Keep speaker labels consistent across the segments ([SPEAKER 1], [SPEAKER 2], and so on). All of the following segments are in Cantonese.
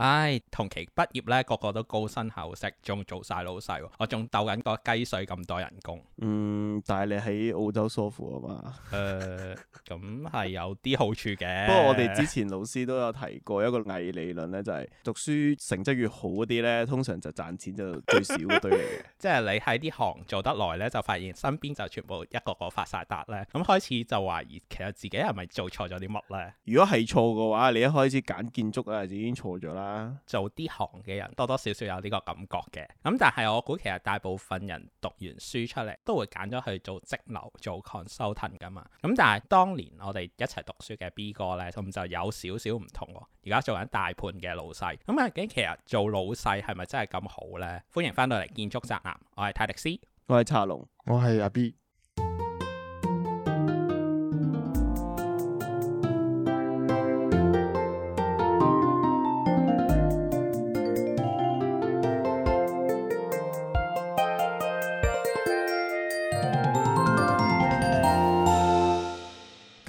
[SPEAKER 1] 唉、哎，同期畢業咧，個、個個都高薪厚職，仲做晒老細，我仲鬥緊個雞碎咁多人工。
[SPEAKER 2] 嗯，但係你喺澳洲梳乎啊嘛。誒、
[SPEAKER 1] 呃，咁係有啲好處嘅。 不過我哋之
[SPEAKER 2] 前老師都有提過一個偽理論咧，就係、是、讀書成績越好啲咧，通常就賺錢就最少嗰 你嘅。
[SPEAKER 1] 即係你喺啲行做得耐咧，就發現身邊就全部一個個發晒達咧，咁開始就懷疑其實自己係咪做錯咗啲乜咧？如果係錯嘅話，你一開始揀建築啊，已經錯咗啦。做啲行嘅人多多少少有呢個感覺嘅，咁、嗯、但係我估其實大部分人讀完書出嚟都會揀咗去做則樓做 consultant 噶嘛，咁、嗯、但係當年我哋一齊讀書嘅 B 哥呢，咁、嗯、就有少少唔同、啊，而家做緊大判嘅老細，咁、嗯、啊，究竟，其實做老細係咪真係咁好呢？歡迎翻到嚟建築宅男，我係泰迪斯，
[SPEAKER 2] 我係茶龍，我係阿 B。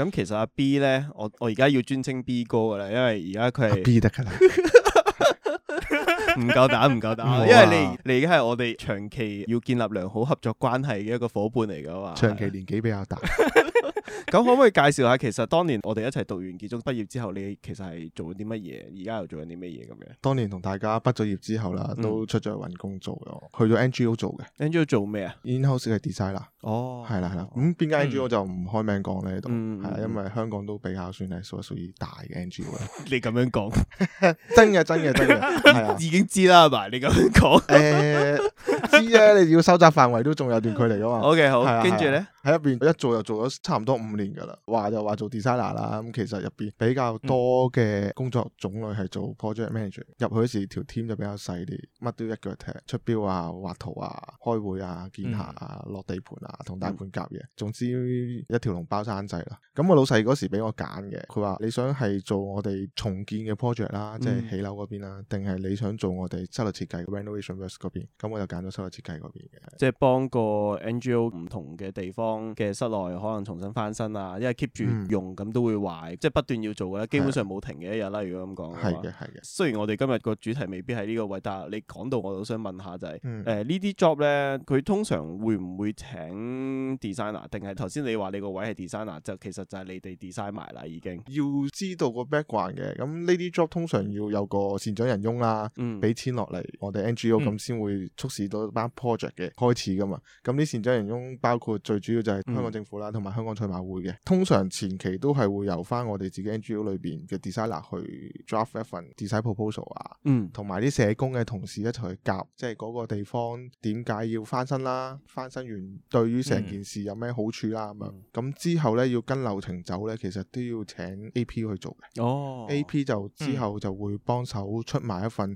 [SPEAKER 2] 咁其實阿 B 呢，我我而家要尊稱 B 哥㗎喇，因為而家佢係 B 得㗎喇，唔夠膽唔夠膽，因為你你而家係我哋長期要建立良好合作關係嘅一個伙伴嚟㗎嘛，長期年紀比較大。 咁可唔可以介紹下？其實當年我哋一齊讀完高中畢業之後，你其實係做緊啲乜嘢？而家又做緊啲乜嘢咁嘅？
[SPEAKER 3] 當年同大家畢咗業之後啦，都出咗去搵工做咯，去咗 NGO 做嘅。NGO 做咩啊？In-house 嘅 design 啦。哦，係啦係啦。咁邊間 NGO 就唔開名講咧，呢度係因為香港都比較算係屬屬於大嘅 NGO。你咁樣講，真嘅真嘅真嘅，已經知啦，係咪，你咁樣講，誒，知啊，你要收窄範圍都仲有段距離噶嘛。OK，好，跟住咧。喺入邊一做就做咗差唔多五年噶啦，話就話做 designer 啦，咁其實入邊比較多嘅工作種類係做 project manager。入去嗰時條 team 就比較細啲，乜都一腳踢，出標啊、畫圖啊、開會啊、見下啊、落地盤啊、同大盤夾嘢，總之一條龍包山制啦。咁、嗯嗯、我老細嗰時俾我揀嘅，佢話你想係做我哋重建嘅 project 啦，即、就、係、是、起樓嗰邊啦，定係、嗯、你想做我哋室內設計 renovation work 嗰邊？咁我就揀咗室內設計嗰邊嘅，
[SPEAKER 2] 即係幫個 NGO 唔同嘅地方。嘅室內可能重新翻新啊，因為 keep 住用咁、嗯、都會壞，即係不斷要做嘅咧，基本上冇停嘅一日啦。如果咁講，係嘅係嘅。雖然我哋今日個主題未必喺呢個位，但係你講到我都想問下就係、是，誒、嗯呃、呢啲 job 咧，佢通常會唔會請 designer，定係頭先你話你個位係 designer 就其實就係你哋 design 埋啦已經。
[SPEAKER 3] 要知道個 background 嘅，咁呢啲 job 通常要有個善長人翁啦，俾、嗯、錢落嚟我哋 NGO 咁先會促使到班 project 嘅、嗯、開始㗎嘛。咁啲善長人翁包括最主要，就係香港政府啦，同埋香港賽馬會嘅，通常前期都係會由返我哋自己 NGO 裏邊嘅 designer 去 draft 一份 design proposal 啊，嗯，同埋啲社工嘅同事一齊去夾，即係嗰個地方點解要翻新啦，翻新完對於成件事有咩好處啦咁樣，咁、嗯、之後咧要跟流程走咧，其實都要請 AP 去做嘅，哦，AP 就之後就會幫手出埋一份。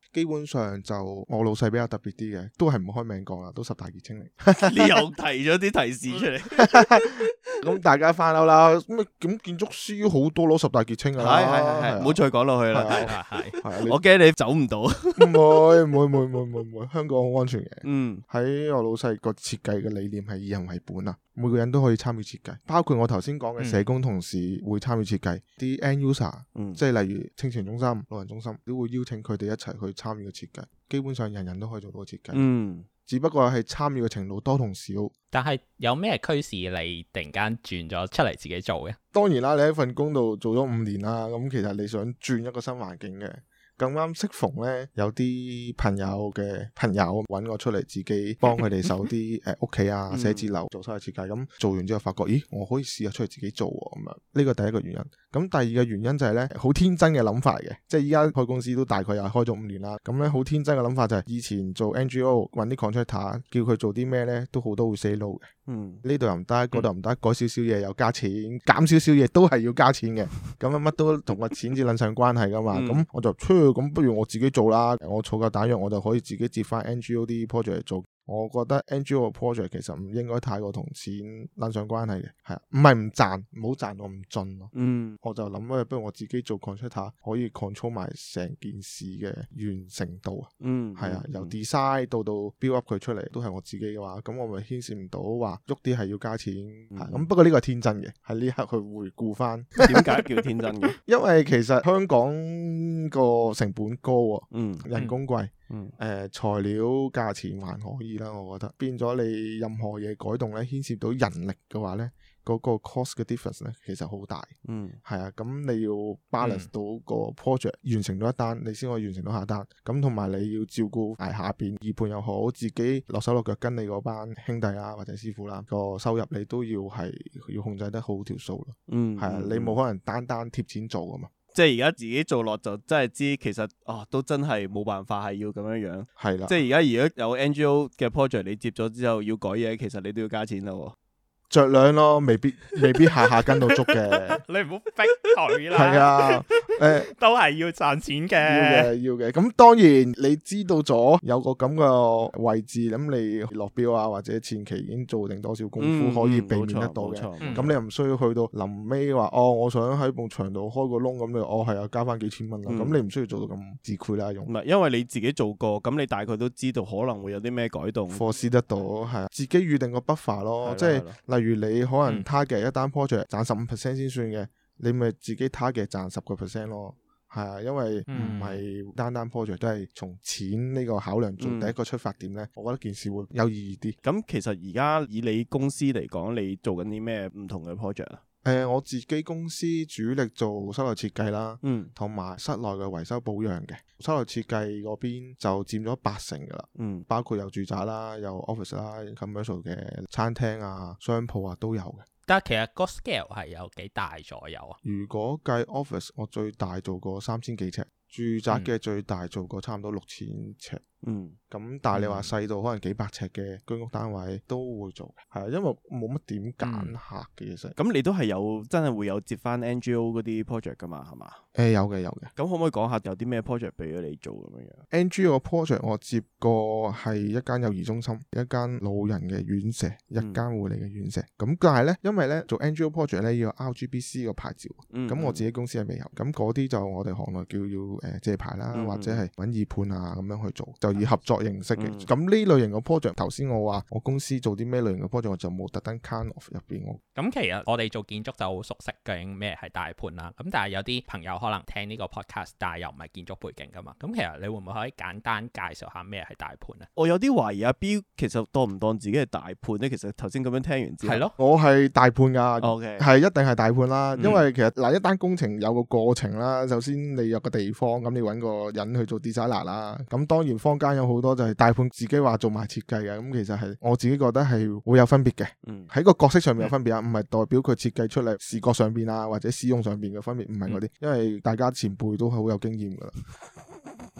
[SPEAKER 3] 基本上就我老細比較特別啲，嘅，都係唔開名講啦，都十大傑清青
[SPEAKER 2] 嚟。你又提咗啲提示出嚟，咁
[SPEAKER 3] 大家翻樓啦。咁建築師好多攞十大傑青啊。係係係，唔好再講落去啦。
[SPEAKER 2] 係，我驚你走唔到。
[SPEAKER 3] 唔會唔會唔會唔會唔會，香港好安全嘅。嗯，喺我老細個設計嘅理念係以人為本啊。每個人都可以參與設計，包括我頭先講嘅社工同事會參與設計，啲、嗯、end user、嗯、即係例如清泉中心、老人中心，都會邀請佢哋一齊去參與嘅設計。基本上人人都可以做到設計，嗯，嗯，只不過係參與嘅程度
[SPEAKER 1] 多同少。但係有咩趨勢你突然間轉咗出嚟自己做嘅？
[SPEAKER 3] 當然啦，你喺份工度做咗五年啦，咁其實你想轉一個新環境嘅。咁啱，剛剛適逢呢，有啲朋友嘅朋友揾我出嚟，自己幫佢哋守啲誒屋企啊、寫字樓做室內設計。咁做完之後，發覺咦，我可以試下出去自己做喎。咁樣呢、這個第一個原因。咁、嗯、第二嘅原因就係呢：好天真嘅諗法嘅。即係依家開公司都大概又開咗五年啦。咁呢好天真嘅諗法就係、是、以前做 NGO 揾啲 contractor 叫佢做啲咩呢？都好多會 say no 嘅。嗯，呢度又唔得，嗰度又唔得，又嗯、改少少嘢又加錢，減少少嘢都係要加錢嘅。咁啊乜都同個錢字諗上關係噶嘛。咁我就 c 咁、哦、不如我自己做啦，我儲夠彈藥，我就可以自己接翻 NGO 啲 project 嚟做。我覺得 NGO 嘅 project 其實唔應該太過同錢拉上關係嘅，係啊，唔係唔賺，唔好賺我唔盡咯。嗯，我就諗咧，不如我自己做 contractor，可以 control 埋成件事嘅完成度、嗯、啊。嗯，係啊，由 design 到到 build up 佢出嚟，都係我自己嘅話，咁我咪牽涉唔到話喐啲係要加錢。咁、啊嗯啊、不過呢個係天真嘅，喺呢刻去回顧翻，
[SPEAKER 2] 點解叫天真嘅？
[SPEAKER 3] 因為其實香港個成本高啊、嗯，嗯，人工貴。嗯，誒、呃、材料價錢還可以啦，我覺得變咗你任何嘢改動咧，牽涉到人力嘅話咧，嗰、個 cost 嘅 difference 咧其實好大。嗯，係啊，咁你要 balance、嗯、到個 project 完成咗一單，你先可以完成到下單。咁同埋你要照顧下下邊二判又好，自己落手落腳跟你嗰班兄弟啊或者師傅啦、個收入你都要係要控制得好條數咯。嗯，係啊，嗯、你冇可能單,單單貼錢做噶嘛。
[SPEAKER 2] 即係而家自己做落就真係知，其實啊都真係冇辦法，係要咁樣樣係啦 即係而家如果有 NGO 嘅 project 你接咗之後要改嘢，其實你都要加錢嘞喎。
[SPEAKER 3] 酌量咯，未必未必下下跟到足嘅。
[SPEAKER 1] 你唔好逼佢啦。係啊，誒都係要賺錢嘅。要嘅，要嘅。
[SPEAKER 3] 咁當然你知道咗有個咁嘅位置，咁你落標啊，或者前期已經做定多少功夫，可以避免得到嘅。咁你又唔需要去到臨尾話哦，我想喺埲牆度開個窿，咁你哦係啊，加返幾千蚊啦。咁你唔需要做到咁自攰啦，
[SPEAKER 2] 用啦。因為你自己做過，咁你大概都知道可能會有啲咩改動，forecast
[SPEAKER 3] 得到。係啊。自己預定個 buffer 咯，即係例例如你可能 target 一單 project 賺十五 percent 先算嘅，你咪自己 target 賺十個 percent 咯，係啊，因為唔係單單
[SPEAKER 2] project 都係從錢呢個考量做第一個出發點咧，嗯、我覺得件事會有意義啲。咁其實而家以你公司嚟講，你做緊啲咩唔同嘅 project 啊？誒、呃、我自己
[SPEAKER 3] 公司主力做室內設計啦，嗯，同埋室內嘅維修保養嘅。室內設計嗰邊就佔咗八成㗎喇，嗯，包括有住宅啦，有 office 啦，commercial 嘅餐廳啊、商鋪啊都有嘅。
[SPEAKER 1] 但係其實個 scale 係有幾大左右啊？
[SPEAKER 3] 如果計 office，我最大做過三千幾尺，住宅嘅最大做過差唔多六千尺。嗯嗯，咁但係你話細到可能幾百尺嘅居屋單位都會做，係啊、嗯，因為冇乜點揀客嘅、嗯、其實。
[SPEAKER 2] 咁你都係有真係會有接翻 NGO 嗰啲 project 噶嘛，係嘛？誒、呃，有嘅有嘅。咁可唔可以講下有啲咩 project 俾咗你做咁樣
[SPEAKER 3] 樣？NGO project 我接過係一間幼兒中心，一間老人嘅院舍，嗯、一間護理嘅院舍。咁但係咧，因為咧做 NGO project 咧要有 R G B C 個牌照，咁、嗯、我自己公司係未有。咁嗰啲就我哋行內叫要誒借牌啦，或者係搵二判啊咁樣去做。以合作形式嘅，咁呢、嗯、類型嘅 project，頭先我話我公司做啲咩類型嘅 project，我就冇特登 cut off 入邊。我
[SPEAKER 1] 咁、嗯、其實我哋做建築就好熟悉究竟咩係大判啦、啊。咁、嗯、但係有啲朋友可能聽呢個 podcast，但係又唔係建築背景㗎嘛。咁、嗯、其實你會唔會可以簡單介紹下咩係大判咧、
[SPEAKER 2] 啊？我有啲懷疑阿 Bee 其實當唔當自己係大判咧？其實頭先咁樣聽完之
[SPEAKER 3] 後，係咯，我係大判㗎，係 Okay，一定係大判啦。因為其實嗱、嗯、一單工程有個過程啦，首先你有個地方，咁你揾個人去做 designer 啦，咁當然方。間有好多就係大判自己話做埋設計嘅，咁其實係我自己覺得係會有分別嘅，喺、嗯、個角色上面有分別啊，唔係代表佢設計出嚟視覺上邊啊或者使用上邊嘅分別，唔係嗰啲，嗯、因為大家前輩都係好有經驗噶喇。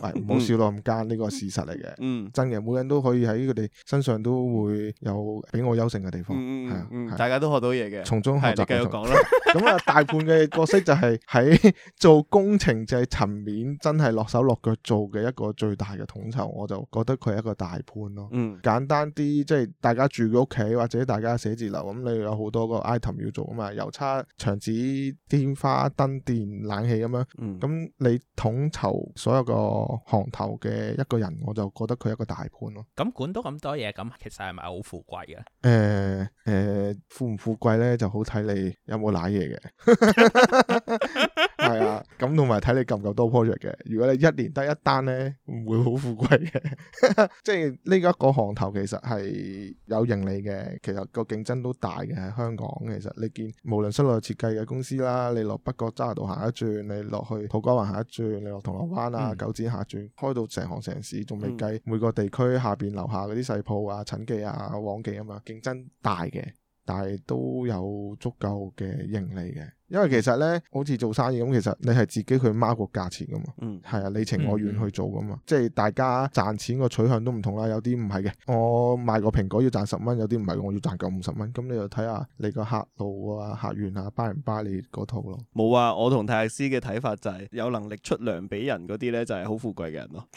[SPEAKER 3] 係，唔好笑到咁奸，呢個事實嚟嘅，嗯，真嘅，每人都可以喺佢哋身上都會有比我優勝嘅地方，
[SPEAKER 2] 係啊，大家都學到嘢嘅，從中學習。繼續
[SPEAKER 3] 講啦，咁啊大判嘅角色就係喺做工程制層面真係落手落腳做嘅一個最大嘅統籌，我就覺得佢係一個大判咯。嗯，簡單啲，即係大家住嘅屋企或者大家寫字樓咁，你有好多個 item 要做啊嘛，油叉、牆紙、天花、燈電、冷氣咁樣。嗯，咁你統籌所有個。行頭嘅一個人，我就覺得佢一個大判咯，啊。
[SPEAKER 1] 咁管到咁多嘢，咁其實係咪好富貴嘅？
[SPEAKER 3] 誒誒、呃呃，富唔富貴咧，就好睇你有冇舐嘢嘅。 係啊，咁同埋睇你夠唔夠多 project 嘅。如果你一年得一單呢，唔會好富貴嘅。 即係呢一個行頭其實係有盈利嘅。其實個競爭都大嘅。喺香港其實你見，無論室內設計嘅公司啦，你落北角揸下度行一轉，你落去土瓜灣行一轉，你落銅鑼灣啊、嗯、九展下一轉，開到成行成市，仲未計每個地區下邊樓下嗰啲細鋪啊、陳記啊、旺記吖嘛，競爭大嘅。但係都有足夠嘅盈利嘅，因為其實咧，好似做生意咁，其實你係自己去 mark 個價錢噶嘛，嗯，係啊，你情我願去做噶嘛，嗯、即係大家賺錢個取向都唔同啦，有啲唔係嘅，我賣個蘋果要賺十蚊，有啲唔係，我要賺夠五十蚊，咁你就睇下你個客路啊、客源啊，巴唔巴你嗰
[SPEAKER 2] 套咯。冇啊，我同泰業師嘅睇法就係有能力出糧俾人嗰啲咧，就係好富貴嘅人咯。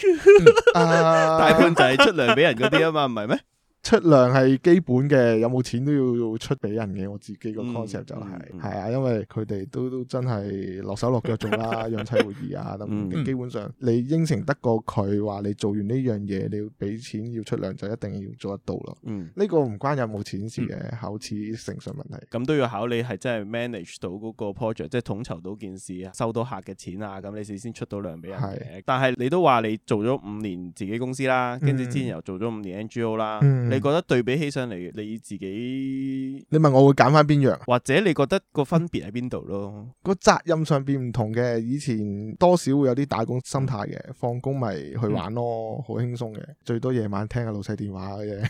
[SPEAKER 2] 嗯 uh、大半就係出糧俾人嗰啲啊嘛，唔係咩？
[SPEAKER 3] 出糧係基本嘅，有冇錢都要出俾人嘅。我自己個 concept 就係，係啊，因為佢哋都，都真係落手落腳做啦，養妻 會議啊，咁、嗯、基本上你應承得過佢話你做完呢樣嘢，你要俾錢要出糧就一定要做得到咯。呢、嗯、個唔關有冇錢事嘅，口齒、嗯、誠信問題。
[SPEAKER 2] 咁都要考你係真係 manage 到嗰個 project，即係統籌到件事啊，收到客嘅錢啊，咁你事先出到糧俾人。但係你都話你做咗五年自己公司啦，跟住之前又做咗五年 NGO 啦。你覺得對比起上嚟，你自己？
[SPEAKER 3] 你問我會揀翻邊樣？
[SPEAKER 2] 或者你覺得個分別喺邊度咯？
[SPEAKER 3] 個責任上邊唔同嘅，以前多少會有啲打工心態嘅，放工咪去玩咯，好、嗯、輕鬆嘅，最多夜晚聽下老細電話嘅。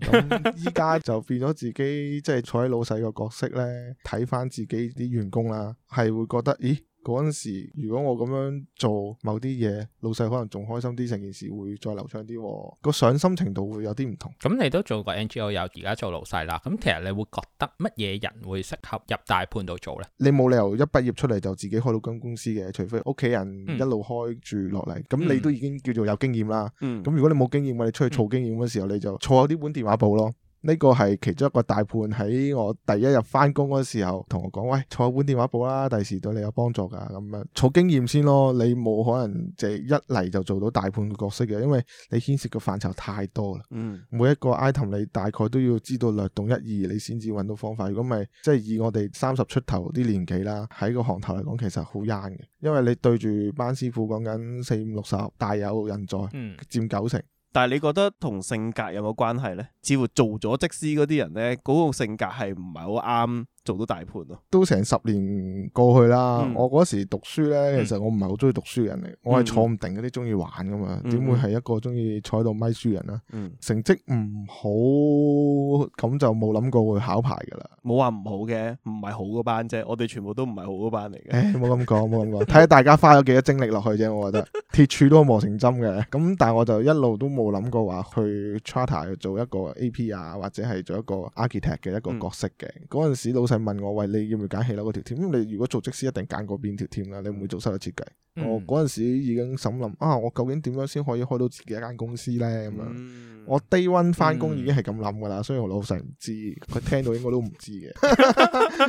[SPEAKER 3] 咁依家就變咗自己，即係坐喺老細個角色呢，睇翻自己啲員工啦，係會覺得，咦？嗰陣時，如果我咁樣做某啲嘢，老細可能仲開心啲，成件事會再流暢啲，哦，那個上心程度會有啲唔同。
[SPEAKER 1] 咁你都做過 NGO 有而家做老細啦。咁其實你會覺得乜嘢人會適合入大判度做呢？
[SPEAKER 3] 你冇理由一畢業出嚟就自己開到間公司嘅，除非屋企人一路開住落嚟。咁、嗯、你都已經叫做有經驗啦。咁、嗯、如果你冇經驗嘅，你出去儲經驗嗰時候，嗯、你就儲下啲本電話簿咯。呢個係其中一個大判喺我第一日翻工嗰時候同我講，喂，坐一本電話簿啦，第時對你有幫助噶咁樣，儲經驗先咯。你冇可能即係一嚟就做到大判嘅角色嘅，因為你牽涉嘅範疇太多啦。嗯，每一個 item 你大概都要知道略懂一二，你先至揾到方法。如果唔係，即係以我哋三十出頭啲年紀啦，
[SPEAKER 2] 喺個行頭嚟講，其實好啱嘅，因為你對住
[SPEAKER 3] 班師傅講緊四五六十，4, 5, 6, 6, 大有
[SPEAKER 2] 人在，嗯，佔九成。但係你覺得同性格有冇關係呢？」似乎做咗則師嗰啲人咧，嗰、嗰個性格係唔係好啱做到大判咯。
[SPEAKER 3] 都成十年過去啦，嗯、我嗰時讀書咧，嗯、其實我唔係好中意讀書人嚟，我係坐唔定嗰啲中意玩噶嘛，點、嗯、會係一個中意坐喺度咪書人啦？嗯、成績唔好，咁就冇諗過會考牌噶啦。
[SPEAKER 2] 冇話唔好嘅，唔係好嗰班啫，我哋全部都唔係好嗰班嚟嘅。
[SPEAKER 3] 冇咁講，冇咁講，睇下 大家花咗幾多精力落去啫。我覺得鐵柱都磨成針嘅，咁但係我就一路都冇諗過話去 charter 去做一個。A.P. 啊，或者係做一個 architect 嘅一個角色嘅，嗰陣、嗯、時老細問我，喂，你要唔要揀起樓嗰條添？因為咁你如果做則師，一定揀過邊條添啦，你唔會做室內設計。嗯、我嗰陣時已經心諗，啊，我究竟點樣先可以開到自己一間公司呢？咁樣。嗯我低 a y 翻工已經係咁諗噶啦，嗯、所以我老細唔知，佢聽到應該都唔知嘅。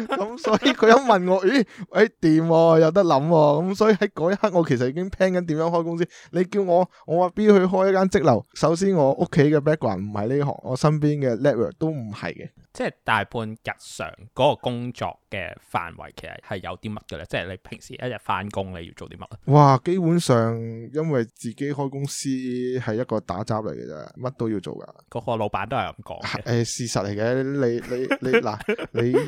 [SPEAKER 3] 咁 所以佢一問我，咦？誒掂有得諗喎、啊。咁所以喺嗰一刻，我其實已經 plan 緊點樣開公司。你叫我，我話邊去開一間積流？首先我屋企嘅 background 唔係呢行，我身邊嘅 level 都唔係嘅。
[SPEAKER 1] 即係大半日常嗰個工作嘅範圍，其實係有啲乜嘅咧？即係你平時一日翻工，你要做啲乜
[SPEAKER 3] 啊？哇！基本上因為自己開公司係一個打雜嚟嘅啫，乜都要做噶。
[SPEAKER 1] 個個老闆都係咁講嘅。
[SPEAKER 3] 誒，事實嚟嘅。你你你嗱，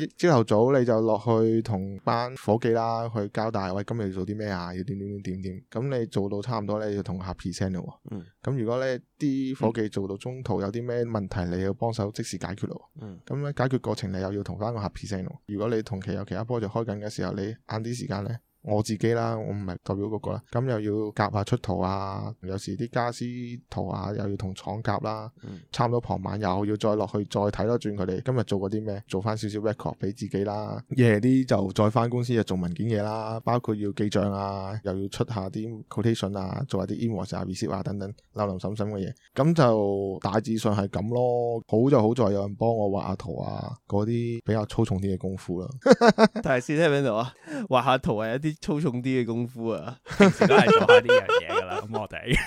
[SPEAKER 3] 你朝頭 早你就落去同班伙計啦，去交代喂，今日要做啲咩啊？要點點點點點咁。怎麼怎麼你做到差唔多咧，要同下 present 咯。嗯。咁如果咧啲伙計做到中途有啲咩問題，嗯、你要幫手即時解決咯。嗯。咁。解決過程，你又要同翻個 Happy Signal。如果你同期有其他波在開緊嘅時候，你晏啲時間咧。我自己啦，我唔係代表嗰個啦，咁又要夾下出圖啊，有時啲家私圖啊，又要同廠夾啦，差唔多傍晚又要再落去再睇多轉佢哋今日做過啲咩，做翻少少 record 俾自己啦。夜啲就再翻公司又做文件嘢啦，包括要記賬啊，又要出下啲 quotation 啊，做下啲 invoice 啊、receipt 啊等等，林林審審嘅嘢。咁就大致上係咁咯。好就好在有人幫我畫下圖啊，嗰啲比較粗重啲嘅功夫啦。
[SPEAKER 2] 但係先聽邊度啊？畫下圖係一啲。粗重啲嘅功夫啊，梗係做下呢樣
[SPEAKER 1] 嘢噶啦。咁 我哋，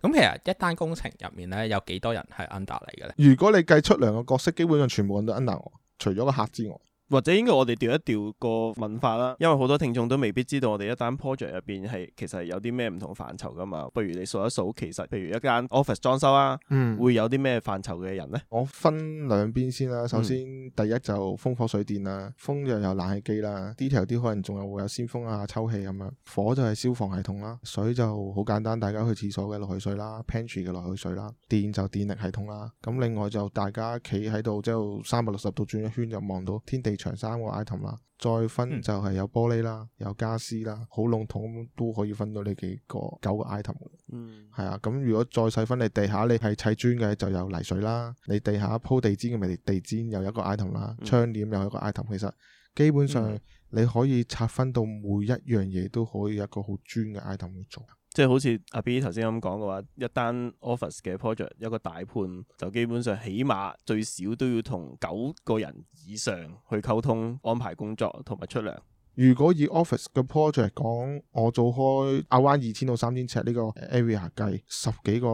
[SPEAKER 1] 咁 其實一單工程入面咧，有幾多人係 under 嚟嘅咧？
[SPEAKER 2] 如果你計
[SPEAKER 3] 出兩個角色，基本上全部人都 under 我，除咗個客之外。
[SPEAKER 1] 或者應該我哋調一調個
[SPEAKER 2] 問法啦，因為好多聽眾都未必知道我哋一單 project 入邊係其實有啲咩唔同範疇噶嘛，不如你數一數，其實譬如一間 office 裝修啊，嗯、會有啲咩範疇嘅人呢？我
[SPEAKER 3] 分兩邊先啦，首先、嗯、第一就風火水電啦，風就有冷氣機啦，detail 啲可能仲有會有鮮風啊、抽氣咁樣，火就係消防系統啦，水就好簡單，大家去廁所嘅落去水啦，pantry 嘅落去水啦，電就電力系統啦，咁另外就大家企喺度即係三百六十度轉一圈就望到天地。長三個 item 啦，再分就係有玻璃啦，有家私啦，好籠統都可以分到呢幾個九個 item。嗯，係啊，咁如果再細分你地下你係砌磚嘅，就有泥水啦；你地下鋪地氈嘅，咪地氈又有一個 item 啦，嗯，窗簾又有一個 item。其實基本上你可以拆分到每一樣嘢都可以有一個好專嘅 item 去做。
[SPEAKER 2] 即係好似阿 B 頭先咁講嘅話，一單 office 嘅 project，一個大判就基本上起碼最少都要同九個人以上去溝通、安排工作同埋出糧。.
[SPEAKER 3] 如果以 office 嘅 project 講，我做開亞灣二千到三千尺呢個 area 計，十幾個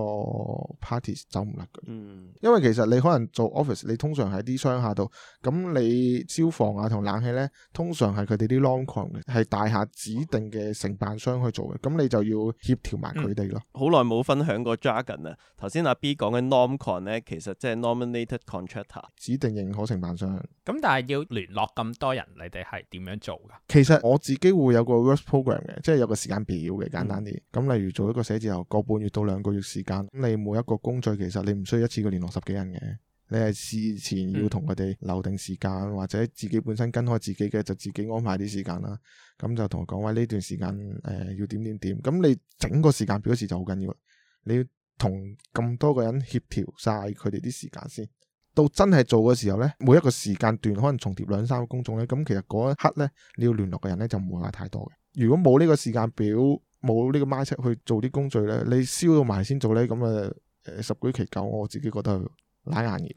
[SPEAKER 3] parties 走唔甩嘅。嗯，因為其實你可能做 office，你通常喺啲商廈度，咁你消防啊同冷氣呢，通常係佢哋啲 long con 嘅，係大廈指定嘅承辦商去做嘅，咁你就要協調埋佢哋咯。
[SPEAKER 2] 好耐冇分享過 jargon 啊。頭先阿 B 講嘅 norm con 呢，其實即係 nominated contractor
[SPEAKER 3] 指定認可承辦商。
[SPEAKER 1] 咁但係要聯絡咁多人，你哋係點樣做噶？
[SPEAKER 3] 其實我自己會有個 work program 嘅，即係有個時間表嘅，簡單啲。咁、嗯、例如做一個寫字樓，個半月到兩個月時間，咁你每一個工序其實你唔需要一次過聯絡十幾人嘅，你係事前要同佢哋留定時間，嗯、或者自己本身跟開自己嘅就自己安排啲時間啦。咁就同佢講喂，呢段時間誒、呃、要點點點。咁你整個時間表嗰時就好緊要。你要同咁多個人協調晒佢哋啲時間先。到真係做嘅時候呢，每一個時間段可能重疊兩三個工種呢。咁其實嗰一刻呢，你要聯絡嘅人呢就唔會話太多嘅。如果冇呢個時間表，冇呢個 master 去做啲工序呢，你燒到埋先做呢？咁、嗯、啊十居其九，我自己覺得係拉硬嘢。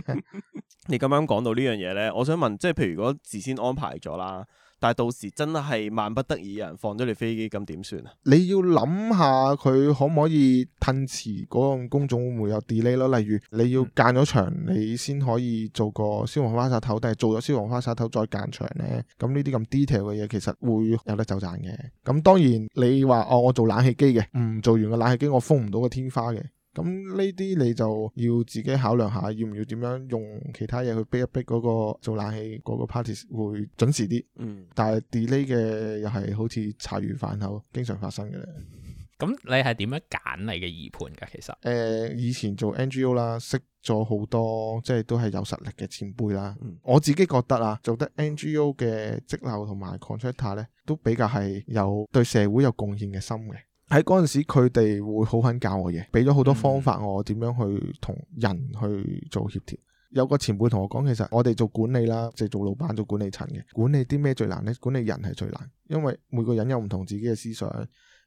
[SPEAKER 2] 你咁樣講到呢樣嘢呢，我想問，即係譬如如果事先安排咗啦。但係到時真係萬不得已，有人放咗你飛機，咁點算啊？
[SPEAKER 3] 你要諗下佢可唔可以褪遲，嗰項工種會唔會有 delay 咯？例如你要間咗牆，你先可以做個消防花灑頭，但係做咗消防花灑頭再間牆呢？咁呢啲咁 detail 嘅嘢，其實會有得走盞嘅。咁當然你話哦，我做冷氣機嘅，唔、嗯、做完個冷氣機我封唔到個天花嘅。咁呢啲你就要自己考量下，要唔要點樣用其他嘢去逼一逼嗰個做冷氣嗰個 party 會準時啲。嗯，但係 delay 嘅又係好似茶餘飯後經常發生嘅。
[SPEAKER 1] 咁、嗯、 你係點樣揀你嘅疑判噶？其實
[SPEAKER 3] 誒、呃，以前做 NGO 啦，識咗好多即係都係有實力嘅前輩啦。嗯、我自己覺得啊，做得 NGO 嘅則樓同埋 contractor 咧，都比較係有對社會有貢獻嘅心嘅。喺嗰陣時，佢哋會好肯教我嘢，俾咗好多方法我點樣去同人去做協調。嗯、有個前輩同我講，其實我哋做管理啦，即係做老闆、做管理層嘅，管理啲咩最難呢？管理人係最難，因為每個人有唔同自己嘅思想，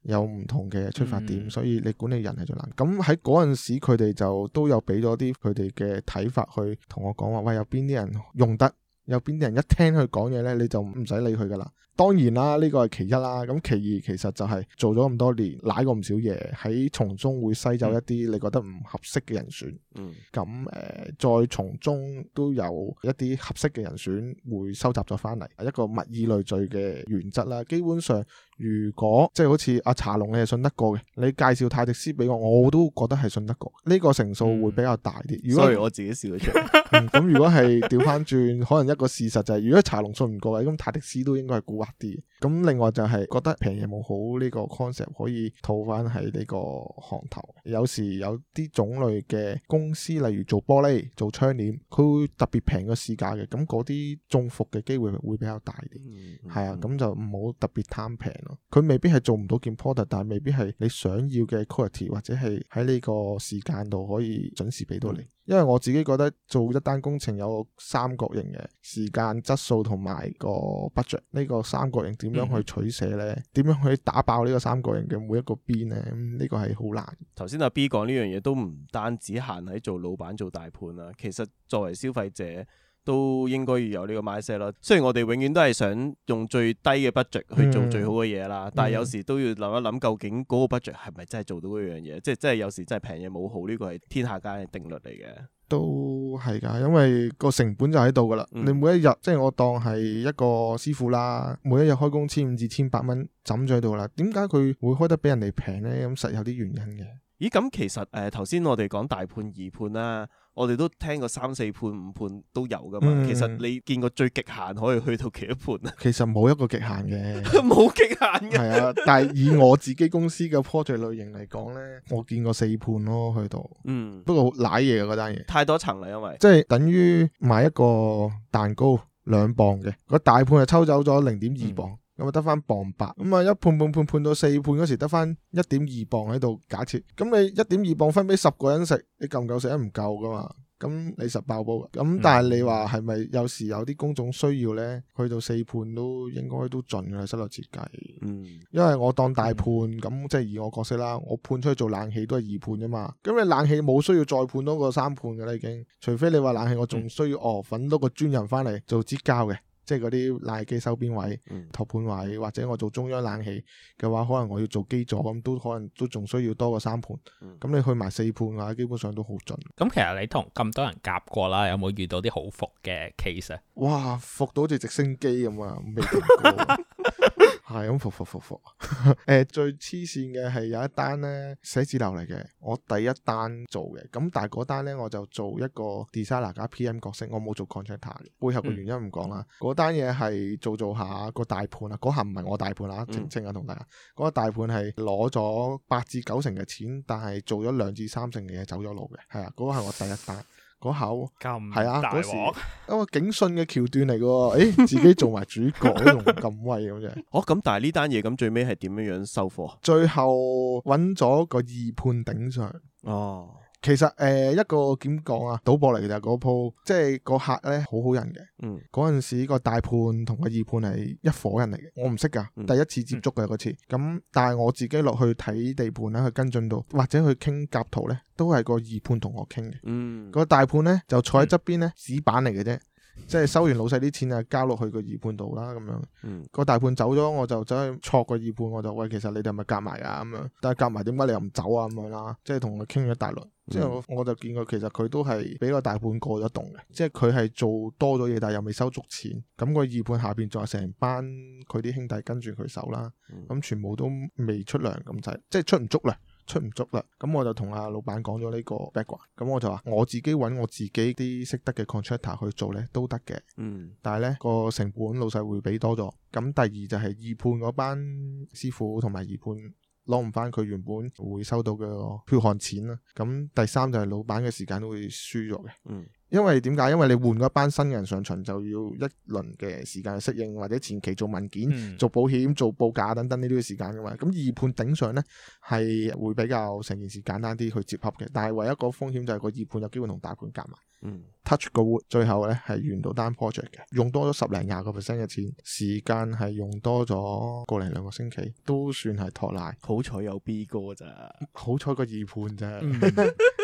[SPEAKER 3] 有唔同嘅出發點，嗯、所以你管理人係最難。咁喺嗰陣時，佢哋就都有俾咗啲佢哋嘅睇法去同我講話，喂，有邊啲人用得？有邊啲人一聽佢講嘢呢，你就唔使理佢噶啦。當然啦，呢個係其一啦。咁其二其實就係做咗咁多年，揦過唔少嘢，喺從中會篩走一啲你覺得唔合適嘅人選。嗯。咁誒、嗯，再從中都有一啲合適嘅人選會收集咗翻嚟，一個物以類聚嘅原則啦。基本上，如果即係好似阿茶龍，你係信得過嘅，你介紹泰迪斯俾我，我都覺得係信得過。呢、呢個成數會比較大啲、嗯。所以我自己笑得出。咁、 嗯、如果係調翻轉，可能一個事實就係、係，如果茶龍信唔過嘅，咁泰迪斯都應該係啲咁，另外就係覺得平嘢冇好呢個 concept 可以套翻喺呢個行頭。有時有啲種類嘅公司，例如做玻璃、做窗簾，佢會特別平個市價嘅。咁嗰啲中伏嘅機會會比較大啲，係啊、嗯。咁就唔好特別貪平咯。佢未必係做唔到件 product 但係未必係你想要嘅 quality 或者係喺呢個時間度可以準時俾到你。因為我自己覺得做一單工程有三角形嘅時間、質素同埋個 budget，呢個三角形點樣去取捨呢？點樣，嗯，去打爆呢個三角形嘅每一個邊呢？呢個係好難。
[SPEAKER 2] 頭先阿 B 講呢樣嘢都唔單止限喺做老闆做大判啦，其實作為消費者，都應該要有呢個 mindset 咯。雖然我哋永遠都係想用最低嘅 budget 去做最好嘅嘢啦，嗯、但係有時都要諗一諗究竟嗰個 budget 係咪真係做到嗰樣嘢？即係真係有時真係平嘢冇好，呢、呢個係天下間嘅定律嚟嘅。
[SPEAKER 3] 都係㗎，因為個成本就喺度㗎啦。嗯、你每一日即係我當係一個師傅啦，每一日開工千五至千八蚊枕喺度啦。點解佢會開得比人哋平呢？咁、嗯、實有啲原因嘅。
[SPEAKER 2] 咦？咁、嗯、其實誒頭先我哋講大判二判啦。我哋都聽過三四判、五判都有噶嘛。嗯、其實你見過最極限可以去到幾多判啊？
[SPEAKER 3] 其實冇一個極限嘅，冇極限嘅的。係啊，但係以我自己公司嘅 project 類型嚟講咧，嗯、我見過四判咯，去到。嗯。不過攋嘢嗰單嘢。太多層啦，因為即係等於買一個蛋糕兩磅嘅，個大判係抽走咗零點二磅。嗯咁啊得翻磅八？咁啊一判判判判到四判嗰時得翻一點二磅喺度，假設，咁你，你、啊、你一點二磅分俾十個人食，你夠唔夠食啊？唔夠噶嘛，咁你實爆煲。咁但係你話係咪有時有啲工種需要咧，去到四判都應該都盡嘅。室內設計。嗯，因為我當大判，咁、嗯、即係以我角色啦，我判出去做冷氣都係二判啊嘛。咁你冷氣冇需要再判多個三判噶啦，已經，除非你話冷氣我仲需要、嗯、哦，搵多個專人翻嚟做支膠嘅。即係嗰啲冷氣機收邊位、托盤位，或者我做中央冷氣嘅話，可能我要做機座咁，都可能都仲需要多過三盤。咁、嗯、你去埋四盤啦，基本上都好盡。
[SPEAKER 1] 咁其實你同咁多人夾過啦，有冇遇到啲好服嘅 case
[SPEAKER 3] 啊？哇，服到好似直升機咁啊！未停過，係咁服服服服。誒、 呃，最黐線嘅係有一單咧，寫字樓嚟嘅，我第一單做嘅。咁但係嗰單咧，我就做一個 designer 加 PM 角色，我冇做 contractor。背後嘅原因唔講啦，單嘢係做做下個大判啦，嗰下唔係我大判啦，澄清啊同大家，嗰個大判係攞咗八至九成嘅錢，但係做咗兩至三成嘅嘢走咗路嘅，係啊，嗰個係我第一單，嗰個口咁係啊，嗰時一個警訊嘅橋段嚟嘅，誒、哎，自己做埋主角，仲
[SPEAKER 2] 咁威咁嘅，哦，咁但係呢單嘢咁最尾係點樣樣收貨？
[SPEAKER 3] 最後揾咗個二判頂上哦。其實誒、呃，一個點講啊，賭博嚟嘅就係嗰鋪，即係個客咧好好人嘅。嗯。嗰陣時個大判同個二判係一伙人嚟嘅，我唔識噶，嗯、第一次接觸嘅嗰、嗯、次。咁但係我自己落去睇地盤啦，去跟進到或者去傾夾圖咧，都係個二判同我傾嘅。嗯。個大判咧就坐喺側邊咧紙、嗯、板嚟嘅啫，即係收完老細啲錢啊，交落去個二判度啦咁樣。嗯。個大判走咗，我就走去戳個二判，我就喂，其實你哋係咪夾埋啊？咁樣，但係夾埋點解你又唔走啊？咁樣啦，即係同佢傾咗一大輪。即係我我就見過，其實佢都係俾個大判過咗棟嘅，即係佢係做多咗嘢，但係又未收足錢。咁、個二判下邊仲有成班佢啲兄弟跟住佢手啦，咁、mm. 全部都未出糧咁就係，即係出唔足啦，出唔足啦。咁我就同阿老闆講咗呢個 background，咁我就話我自己揾我自己啲識得嘅 contractor 去做呢都得嘅。嗯、mm.，但係呢個成本老細會俾多咗。咁第二就係二判嗰班師傅同埋二判。攞唔返佢原本會收到嘅血汗錢啦，咁第三就係老闆嘅時間都會輸咗嘅。嗯因為點解？因為你換嗰一班新人上場，就要一輪嘅時間去適應，或者前期做文件、做保險、做報價等等呢啲嘅時間嘅嘛。咁二判頂上咧，係會比較成件事簡單啲去接合嘅。但係唯一,一個風險就係個二判有機會同大判夾埋。嗯、Touch 個 wood 最後咧係完到單 project 嘅，用多咗十零廿個 percent 嘅錢，時間係用多咗個零兩個星期，都算係託賴。好彩有 B 哥咋，好彩個二判咋、嗯，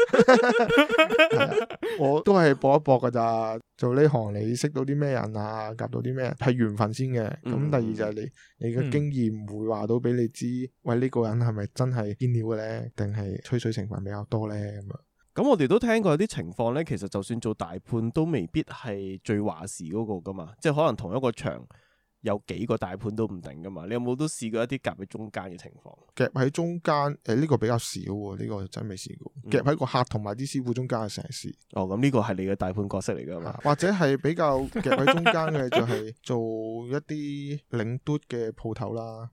[SPEAKER 3] 我都係。搏一搏噶咋？做呢行你識到啲咩人啊？夾到啲咩？係緣分先嘅。咁、嗯、第二就係你，你嘅經驗唔會話到俾你知。嗯、喂，呢、呢個人係咪真係堅料嘅呢？定係吹水成分比較多呢？
[SPEAKER 2] 咁我哋都聽過有啲情況呢，其實就算做大判都未必係最話事嗰個噶嘛。即係可能同一個場。有幾個大判都唔定㗎嘛？你有冇都試過一啲夾喺中間嘅情況？夾喺中間，誒、欸、呢、
[SPEAKER 3] 這個比較少喎，呢、這個真未試過。嗯、夾喺個客同埋啲師傅中間成日試。哦，咁呢個係你
[SPEAKER 2] 嘅大判角色嚟㗎嘛？啊、 或者係比較
[SPEAKER 3] 夾喺中間嘅就係做一啲領督嘅鋪頭啦。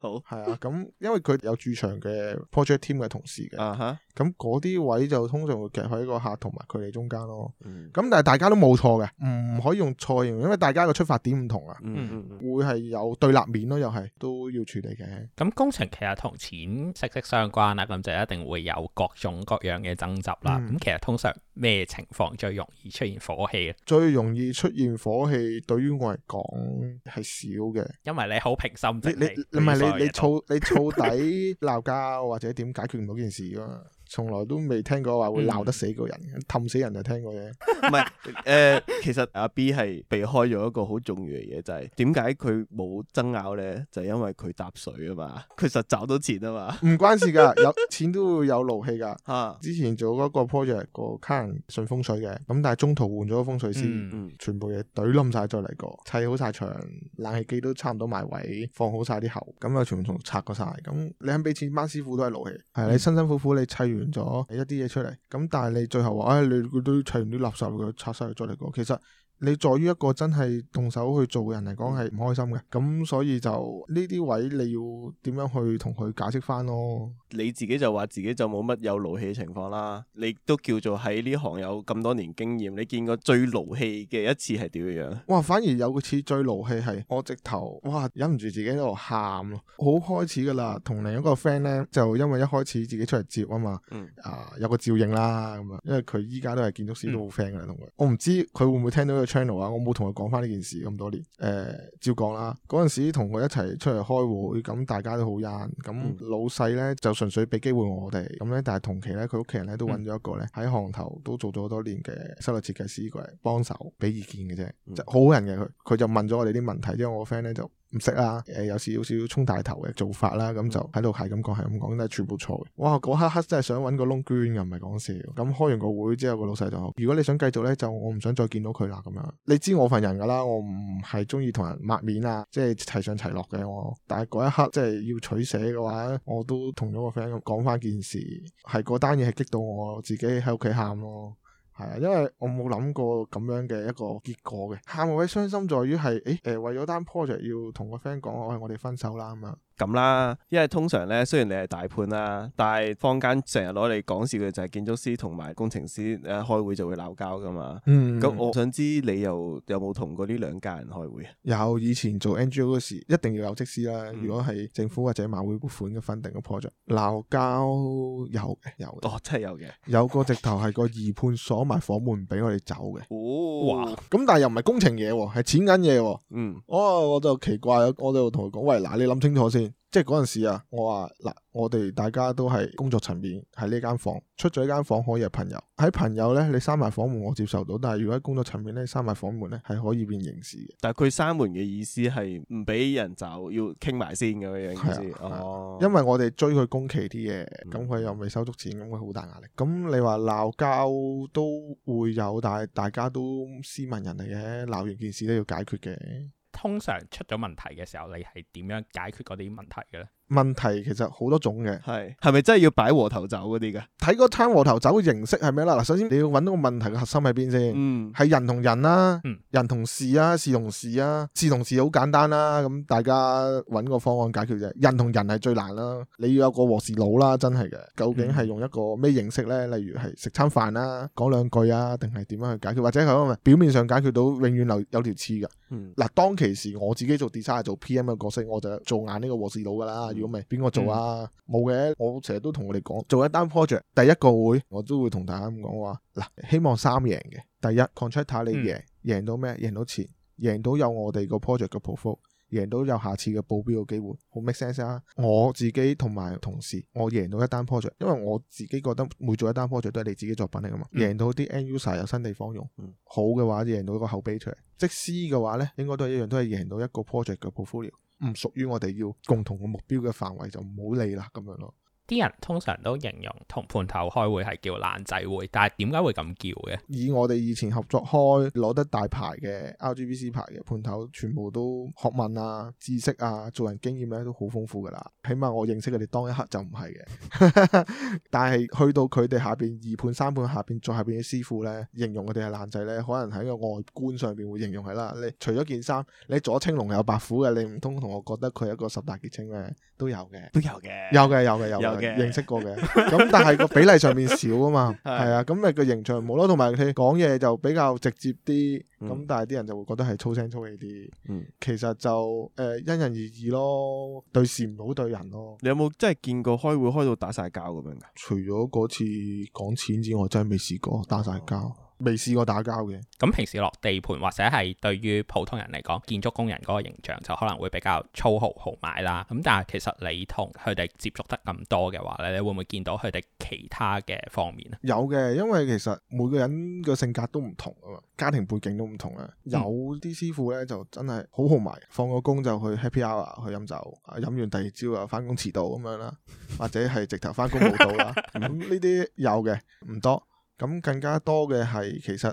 [SPEAKER 3] 好。係啊，咁、嗯嗯、 因為佢有駐場嘅 project team 嘅同事嘅。啊哈。咁嗰啲位就通常會夾喺個客同埋佢哋中間咯。嗯。咁但係大家都冇錯嘅，唔、嗯、可以用錯形容，因為大家嘅出發點唔同啊。嗯。嗯會係有對立面咯、啊，又係都要處理嘅。
[SPEAKER 1] 咁、嗯、工程其實同錢息息相關啦、啊,咁就一定會有各種各樣嘅爭執啦。咁、嗯、其實通常咩情況最容易出現火氣、
[SPEAKER 3] 啊？最容易出現火氣，對於我嚟講係少嘅，
[SPEAKER 1] 因為你好平心靜氣。唔係你你燥底鬧交 或者
[SPEAKER 3] 點解決唔到件事噶、啊從來都未聽過話會鬧得死個人，氹、嗯、死人就聽過嘅。唔
[SPEAKER 2] 係，誒，其實阿 B 係避開咗一個好重要嘅嘢，就係點解佢冇爭拗咧？就係、因為佢搭水啊嘛，佢實找到錢啊嘛。唔關事噶，
[SPEAKER 3] 有 錢都會有勞氣噶。啊， 之前做嗰個 project 個客人信風水嘅，咁但係中途換咗個風水師，嗯嗯全部嘢懟冧晒再嚟過，砌好晒牆，冷氣機都差唔多埋位，放好晒啲喉，咁啊全部重拆過晒。咁你肯俾錢肯班師傅都係勞氣，係你辛辛苦苦你砌完。咗一啲嘢出嚟，咁但係你最後話，唉、哎，你佢都砌完啲垃圾，佢拆晒佢再嚟過，其實。你在於一個真係動手去做嘅人嚟講係唔開心嘅，咁所以就呢啲位你要點樣去同佢解釋翻咯？
[SPEAKER 2] 你自己就話自己就冇乜有勞氣嘅情況啦，你都叫做喺呢行有咁多年經驗，你見過最勞氣嘅一次係點樣？
[SPEAKER 3] 哇！反而有個次最勞氣係
[SPEAKER 2] 我直頭哇忍唔住自己喺度喊咯，
[SPEAKER 3] 好開始㗎啦。同另一個 friend 咧就因為一開始自己出嚟接啊嘛，啊、嗯呃、有個照應啦咁樣，因為佢依家都係建築師都好 friend 㗎啦，同佢、嗯。我唔知佢會唔會聽到、這個 channel 啊，我冇同佢講翻呢件事咁多年。誒、呃，照講啦，嗰陣時同佢一齊出嚟開會，咁大家都好啱。咁老細咧就純粹俾機會我哋，咁咧但係同期咧佢屋企人咧都揾咗一個咧喺行頭都做咗好多年嘅室內設計師過嚟幫手俾意見嘅啫，嗯、就好好人嘅佢，佢就問咗我哋啲問題，因為我個 friend 咧就。唔識啦，誒、呃、有少少衝大頭嘅做法啦，咁就喺度係咁講係咁講，都係全部錯嘅。哇，嗰一刻真係想揾個窿捐又唔係講笑。咁開完個會之後，個老細就：如果你想繼續呢，就我唔想再見到佢啦。咁樣你知我份人㗎啦，我唔係中意同人抹面啊，即係齊上齊落嘅我。但係嗰一刻即係要取捨嘅話，我都同咗個 friend 講翻件事，係嗰單嘢係激到我自己喺屋企喊咯。係啊，因為我冇諗過咁樣嘅一個結果嘅。喊我位傷心在於係，誒、誒、為咗單 project 要同個 friend 講，我我哋分手啦咁樣。
[SPEAKER 2] 咁啦，因為通常咧，雖然你係大判啦，但係坊間成日攞你講笑嘅就係建築師同埋工程師一開會就會鬧交㗎嘛。嗯。咁我想知你又有冇同過呢兩家人開會？
[SPEAKER 3] 有，以前做 NGO 嗰時一定要有則師啦。嗯、如果係政府或者馬會撥款嘅分定嘅 project，鬧交有嘅，有。哦，真係有嘅。有個直頭係個二判鎖埋房門唔俾我哋走嘅。哦。哇。咁但係又唔係工程嘢喎，係錢銀嘢喎。嗯。哦，我就奇怪，我就同佢講：喂，嗱，你諗清楚先。即係嗰陣時啊，我話嗱，我哋大家都係工作層面喺呢間房，出咗呢間房可以係朋友，喺朋友呢，你閂埋房門我接受到，但係如果喺工作層面呢，閂埋房門呢係可以變刑事嘅。
[SPEAKER 2] 但係佢閂門嘅意思係唔俾人走，要傾埋先咁樣嘅哦，因
[SPEAKER 3] 為我哋追佢工期啲嘢，咁佢又未收足錢，咁佢好大壓力。咁你話鬧交都會有，但係大家都斯文人嚟嘅，鬧完件事都要解決嘅。
[SPEAKER 1] 通常出咗問題嘅時候，你係點樣解決嗰啲問題嘅咧？
[SPEAKER 3] 問題其實好多種嘅，係係咪真
[SPEAKER 2] 係要擺和頭酒嗰啲嘅？
[SPEAKER 3] 睇嗰餐和頭酒嘅形式係咩啦？嗱，首先你要搵到個問題嘅核心喺邊先，嗯，係人同人啦、啊，嗯、人同事啊，事同事啊，事同事好簡單啦、啊，咁大家搵個方案解決啫。人同人係最難啦，你要有個和事佬啦，真係嘅。究竟係用一個咩形式呢？例如係食餐飯啦、啊，講兩句啊，定係點樣去解決？或者係表面上解決到永遠留有條刺噶。嗱、嗯，當其時我自己做 design 係做 PM 嘅角色，我就做硬呢個和事佬噶啦。咁咪邊個做啊？冇嘅、嗯，我成日都同我哋講做一單 project，第一個會我都會同大家咁講話嗱，希望三贏嘅，第一 contract 你贏，嗯、贏到咩？贏到錢，贏到有我哋個 project 嘅 portfolio 贏到有下次嘅報表嘅機會，好 make sense 啊！我自己同埋同事，我贏到一單 project，因為我自己覺得每做一單 project 都係你自己作品嚟噶嘛，嗯、贏到啲 end user 有新地方用，好嘅話就贏到一個口碑出嚟，即係嘅話呢，應該都係一樣，都係贏到一個 project 嘅 portfolio 唔屬於我哋要共同嘅目標嘅範圍，就唔好理啦，咁樣咯。
[SPEAKER 1] 啲人通常都形容同判頭開會係叫爛仔會，但係點解會咁叫嘅？
[SPEAKER 3] 以我哋以前合作開攞得大牌嘅 RGBC 牌嘅判頭，全部都學問啊、知識啊、做人經驗咧、啊、都好豐富噶啦。起碼我認識佢哋當一刻就唔係嘅， 但係去到佢哋下邊二判三判下邊再下邊嘅師傅咧，形容佢哋係爛仔咧，可能喺個外觀上邊會形容係啦。你除咗件衫，你左青龍右白虎嘅，你唔通同我覺得佢係一個十大傑青咩？都有嘅，都有嘅， 有嘅，有嘅，有。有認識過嘅。咁 但係個比例上面少啊嘛。係啊 的，咁咪的個形象冇咯，同埋佢講嘢就比較直接啲，咁、嗯、但係啲人就會覺得係粗聲粗氣啲，嗯、其實就誒、呃、因人而異咯，對事唔好對人咯。
[SPEAKER 2] 你有冇真係見過開會開到打晒
[SPEAKER 3] 交咁樣噶？除咗嗰次講錢之外，真係未試過打晒交。嗯未試過打
[SPEAKER 1] 交嘅。咁平時落地盤或者係對於普通人嚟講，建築工人嗰個形象就可能會比較粗豪豪邁啦。咁但係其實你同佢哋接觸得咁多嘅話咧，你會唔會見到佢哋其他嘅方面啊？
[SPEAKER 3] 有嘅，因為其實每個人個性格都唔同啊嘛，家庭背景都唔同啊。有
[SPEAKER 1] 啲師傅咧就真係
[SPEAKER 3] 好豪邁，放個工就去 happy hour 去飲酒，飲完第二朝就翻工遲到咁樣啦， 或者係直頭翻工冇到啦。咁呢啲有嘅，唔多。咁更加多嘅係其實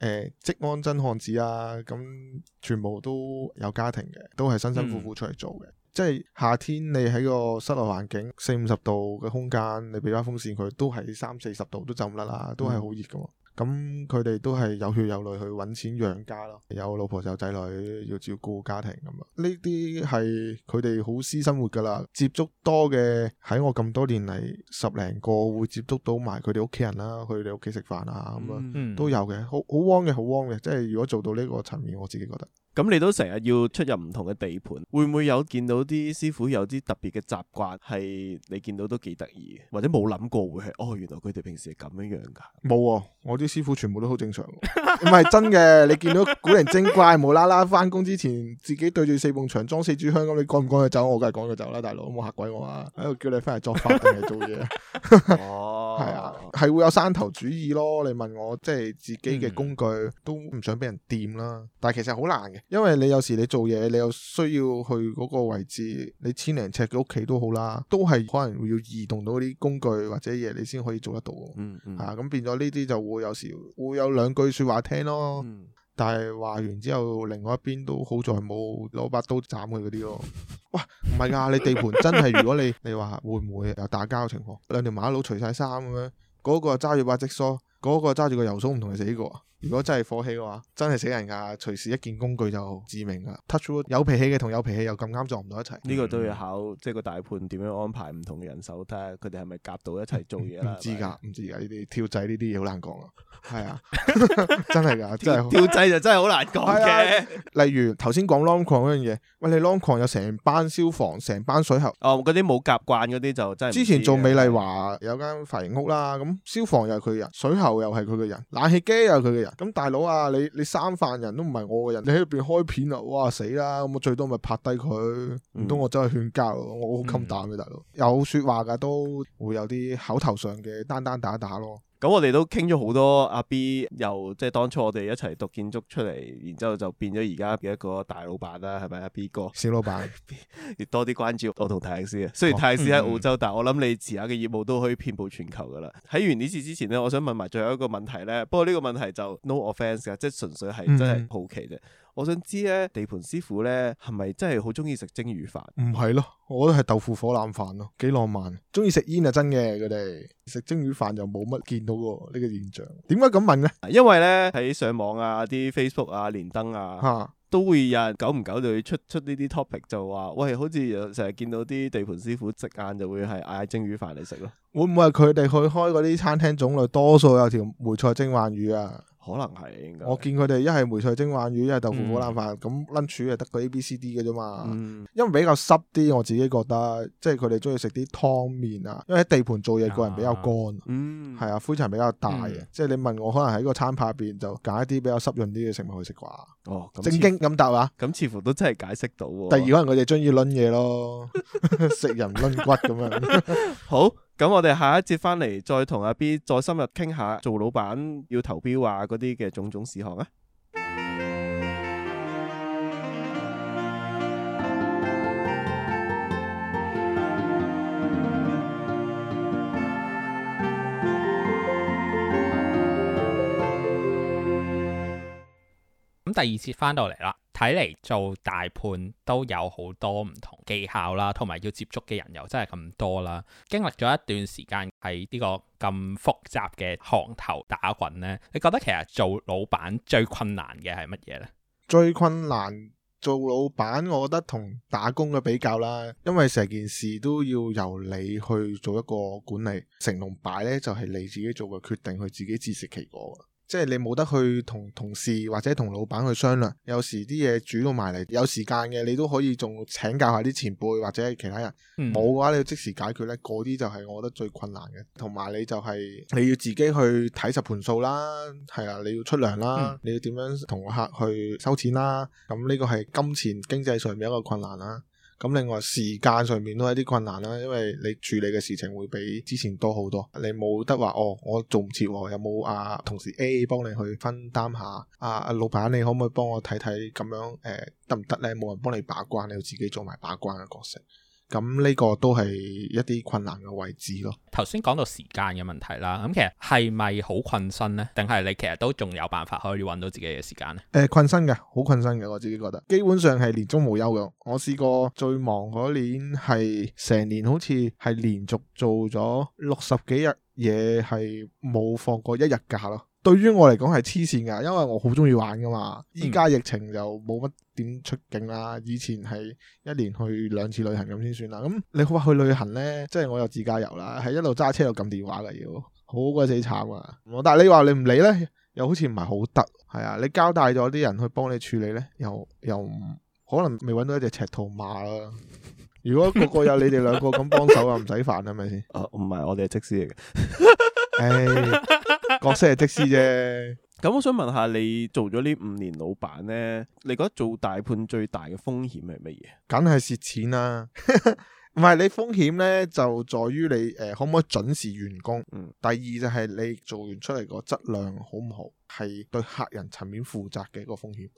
[SPEAKER 3] 誒職、呃、安真漢子啊，咁、嗯、全部都有家庭嘅，都係辛辛苦苦出嚟做嘅。嗯、即係夏天你喺個室內環境四五十度嘅空間，你俾返風扇佢，都係三四十度都就唔甩啦，都係好熱噶。咁佢哋都係有血有淚去揾錢養家咯，有老婆有仔女要照顧家庭咁啊，呢啲係佢哋好私生活㗎喇。接觸多嘅喺我咁多年嚟十零個會接觸到埋佢哋屋企人啦，去你屋企食飯啊咁啊都有嘅，好好旺嘅，好旺嘅，即係如果做到呢個層面，我自己覺得。
[SPEAKER 2] 咁你都成日要出入唔同嘅地盤，會唔會有見到啲師傅有啲特別嘅習慣，係你見到都幾得意，或者冇諗過會係哦，原來佢哋平時係咁樣樣噶？冇、啊，我啲師傅全部都好正常，唔
[SPEAKER 3] 係 真嘅。你見到古靈精怪， 無啦啦翻工，之前自己對住四埲牆裝四支香咁，你趕唔趕佢走？我梗係趕佢走啦、啊，大佬，唔好吓鬼我啊！喺度叫你翻嚟，作法定係做嘢。 係啊，係會有山頭主義咯。你問我即係自己嘅工具都唔想俾人掂啦。但係其實好難嘅，因為你有時你做嘢，你又需要去嗰個位置，你千零尺嘅屋企都好啦，都係可能會要移動到啲工具或者嘢，你先可以做得到。嗯嗯，吓、嗯、咁、啊、變咗呢啲就會有時會有兩句說話聽咯。嗯但係話完之後，另外一邊都好在冇攞把刀斬佢嗰啲咯。喂，唔係啊，你地盤真係，如果你你話會唔會有打交嘅情況？兩條馬騮除晒衫咁樣，嗰個揸住把積梳，嗰個揸住個油掃，唔同你死過啊！如果真係火氣嘅話，真係死人㗎！隨時一件工具就致命㗎。Touchwood 有脾氣嘅同有脾氣又咁啱撞唔到一齊，呢、嗯、個都要
[SPEAKER 2] 考即係個大盤點樣安排唔同嘅人手，睇下佢哋係咪夾到一齊做嘢。唔、嗯、知㗎，唔吧知㗎，呢啲跳仔呢啲嘢好難講啊。係啊
[SPEAKER 3] 真係㗎，真係跳，跳
[SPEAKER 2] 仔就真係好難講嘅、 啊。
[SPEAKER 3] 例如頭先講 Long Crown 嗰樣嘢，喂，你 Long Crown 有成班消防，成班水喉，
[SPEAKER 2] 哦，嗰啲冇夾慣嗰啲就真係。之前做美麗
[SPEAKER 3] 華有間髮型屋啦，咁消防又係佢人，水喉又係佢嘅人，冷氣機又係佢嘅人。咁大佬啊，你你三犯人都唔係我嘅人，你喺入邊開片啊，哇死啦！咁我最多咪拍低佢，唔通我走去勸交？我好襟打嘅大佬，有說話嘅都會有啲口頭上嘅單單打打咯。
[SPEAKER 2] 咁我哋都傾咗好多阿 B，又即係當初我哋一齊讀建築出嚟，然之後就變咗而家嘅一個大老闆啦，係咪阿 B 哥？小老闆亦 多啲關照，我同泰斯啊。雖然泰斯喺澳洲，哦嗯、但係我諗你遲下嘅業務都可以遍佈全球噶啦。喺完呢次之前呢，我想問埋最後一個問題呢。不過呢個問題就 no offense 噶，即係純粹係真係好奇啫。嗯我想知咧，地盤師傅咧係咪真係好中意食蒸魚飯？唔係
[SPEAKER 3] 咯，我覺得係豆腐火腩飯咯，幾浪漫。中意食煙啊，真嘅佢哋食蒸魚飯又冇乜見到呢個現象。點解咁問咧？
[SPEAKER 2] 因為咧喺上網啊、啲 Facebook 啊、連登啊，啊都會有人久唔久就會出出呢啲 topic，就話喂，好似成日見到啲地盤師傅食晏就會係嗌蒸魚飯嚟食咯。
[SPEAKER 3] 會唔會係佢哋去開嗰啲餐廳，種類多數有條梅菜蒸鯇魚啊。可能係，我見佢哋一係梅菜蒸鯇魚，一係豆腐火腩飯，咁 lunch 係得個 A B C D 嘅啫嘛。因為比較濕啲，我自己覺得，即係佢哋中意食啲湯麵啊。因為喺地盤做嘢，個人比較乾，係啊灰塵比較大嘅。即係你問我，可能喺個餐牌入邊就揀一啲比較濕潤啲嘅食物去食啩。
[SPEAKER 2] 哦，正經咁答啦，咁似乎都真係解釋到。第二
[SPEAKER 3] 可能佢哋中意撚嘢咯，食人撚骨咁樣。
[SPEAKER 2] 好。咁我哋下一節翻嚟再同阿 B 再深入傾下做老闆要投標啊嗰啲嘅種種事項啊。
[SPEAKER 1] 第二次翻到嚟啦，睇嚟做大判都有好多唔同技巧啦，同埋要接觸嘅人又真係咁多啦。經歷咗一段時間喺呢個咁複雜嘅行頭打滾呢，你覺得其實做老闆最困難嘅係乜嘢呢？
[SPEAKER 3] 最困難做老闆，我覺得同打工嘅比較啦，因為成件事都要由你去做一個管理，成同敗呢，就係你自己做嘅決定，去自己自食其果。即係你冇得去同同事或者同老闆去商量，有時啲嘢煮到埋嚟，有時間嘅你都可以仲請教下啲前輩或者係其他人。冇嘅、嗯、話，你要即時解決咧，嗰啲就係我覺得最困難嘅。同埋你就係、是、你要自己去睇十盤數啦，係啊，你要出糧啦，嗯、你要點樣同個客去收錢啦，咁呢個係金錢經濟上面一個困難啦。咁另外時間上面都係啲困難啦，因為你處理嘅事情會比之前多好多，你冇得話哦，我做唔切，有冇啊同事 A 幫你去分擔下？啊老闆你可唔可以幫我睇睇咁樣誒得唔得呢？冇人幫你把關，你要自己做埋把關嘅角色。咁呢個都係一啲困難嘅位置咯。
[SPEAKER 1] 頭先講到時間嘅問題啦，咁其實係咪好困身呢？定係你其實都仲有辦法可以搵到自己嘅時間呢？
[SPEAKER 3] 誒、呃，困身嘅，好困身嘅，我自己覺得，基本上係年中無休嘅。我試過最忙嗰年係成年，好似係連續做咗六十幾日嘢，係冇放過一日假咯。對於我嚟講係黐線噶，因為我好中意玩噶嘛。依家、嗯、疫情就冇乜點出境啦，以前係一年去兩次旅行咁先算啦。咁你話去旅行呢，即係我有自駕遊啦，係一路揸車又撳電話啦，要好鬼死慘啊！但係你話你唔理呢，又好似唔係好得，係啊！你交代咗啲人去幫你處理呢，又又可能未揾到一隻赤兔馬啦。如果個個有你哋兩個咁幫手啊，唔使煩啊，係咪先？啊，唔係，我哋係則師嚟嘅，唉、 哎，角色係則師啫。
[SPEAKER 2] 咁我想問下，你做咗呢五年老闆咧，你覺得做大判最大嘅風險係乜嘢？
[SPEAKER 3] 梗係蝕錢啦、啊，唔 係你風險咧，就在於你誒、呃、可唔可以準時完工？嗯，第二就係你做完出嚟個質量好唔好，係對客人層面負責嘅一個風險。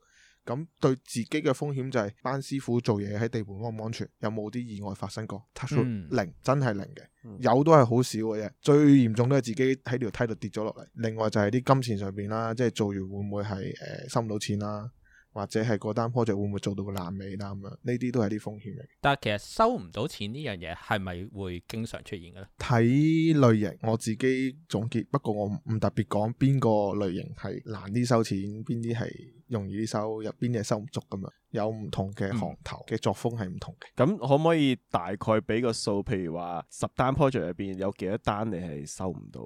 [SPEAKER 3] 咁對自己嘅風險就係班師傅做嘢喺地盤安唔安全，有冇啲意外發生過？Touch wood, 零真係零嘅，有都係好少嘅嘢。最嚴重都係自己喺條梯度跌咗落嚟。另外就係啲金錢上邊啦，即係做完會唔會係誒收唔到錢啦，或者係個單 project 會唔會做到個爛尾啦咁樣？呢啲都係啲風險嚟
[SPEAKER 1] 嘅。但係其實收唔到錢呢樣嘢係咪會經常出現嘅咧？
[SPEAKER 3] 睇類型，我自己總結，不過我唔特別講邊個類型係難啲收錢，邊啲係。容易收入邊嘢收唔足咁樣。有唔同嘅行頭嘅、嗯、作風
[SPEAKER 2] 係唔同嘅。咁可唔可以大概俾個數？譬如話十單 project 入邊有幾多單你係收唔到？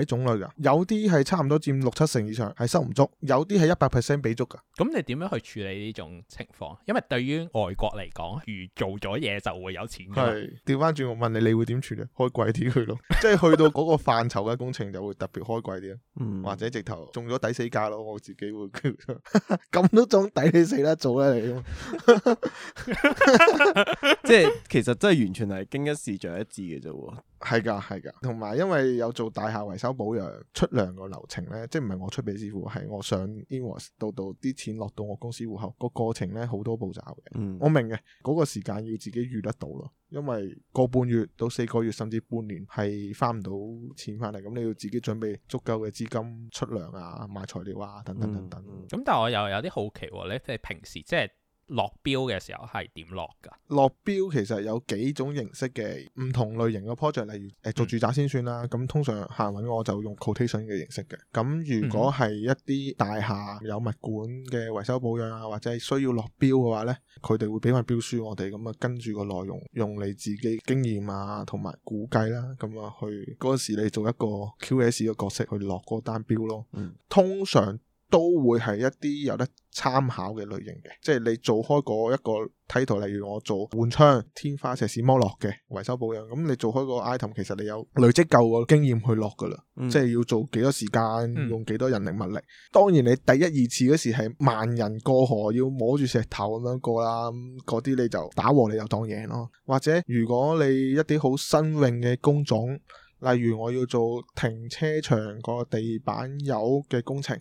[SPEAKER 2] 睇種類
[SPEAKER 3] 㗎，有啲係差唔多佔六七成以上係收唔足，有啲係一百 percent 俾足㗎。
[SPEAKER 1] 咁你點樣去處理呢種情況？因為對於外國嚟講，如做咗嘢就會有錢㗎嘛。
[SPEAKER 3] 調翻轉我問你，你會點處理？開貴啲佢咯， 即係去到嗰個範疇嘅工程就會特別開貴啲咯。嗯、或者直頭中咗抵死價咯，我自己會咁都仲抵你死得做啦！你
[SPEAKER 2] 即係其實真係完全係經一事長一智嘅啫。係噶，係噶，
[SPEAKER 3] 同埋因為有做大廈維修保養出糧個流程咧，即係唔係我出俾師傅，係我上 Inwas 到到啲錢落到我公司戶口個過程咧，好多步驟嘅。嗯，我明嘅，嗰個時間要自己預得到咯，因為個半月到四個月甚至半年係翻唔到錢翻嚟，咁你要自己準備足夠嘅資金出糧啊，買材料啊，等等等
[SPEAKER 1] 等。咁、嗯嗯、但係我又有啲好奇、哦，即你平時即、就、係、係。落標嘅時候係點落㗎？
[SPEAKER 3] 落標其實有幾種形式嘅唔同類型嘅 project，例如誒、呃、做住宅先算啦。咁、嗯、通常行運我就用 quotation 嘅形式嘅。咁如果係一啲大廈有物管嘅維修保養啊，或者係需要落標嘅話咧，佢哋會俾埋標書我哋，咁啊跟住個內容用你自己經驗啊同埋估計啦、啊，咁啊去嗰、那個、時你做一個 QS 嘅角色去落嗰單標咯。嗯、通常。都會係一啲有得參考嘅類型嘅，即係你做開嗰一個睇圖，例如我做換窗天花、石屎剝落嘅維修保養。咁你做開個 item，其實你有累積夠嘅經驗去落噶啦。嗯、即係要做幾多時間，嗯、用幾多人力物力。當然你第一二次嗰時係萬人過河，要摸住石頭咁樣過啦。嗰啲你就打和，你就當贏咯。或者如果你一啲好新穎嘅工種，例如我要做停車場個地板油嘅工程。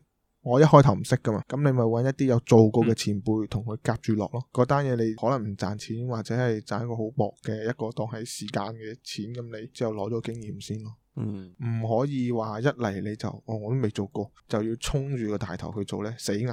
[SPEAKER 3] 我一開頭唔識噶嘛，咁你咪揾一啲有做過嘅前輩同佢夾住落咯。嗰單嘢你可能唔賺錢，或者係賺一個好薄嘅一個當係時間嘅錢。咁你之後攞咗經驗先咯。嗯，唔可以話一嚟你就哦我都未做過，就要衝住個大頭去做呢，死硬。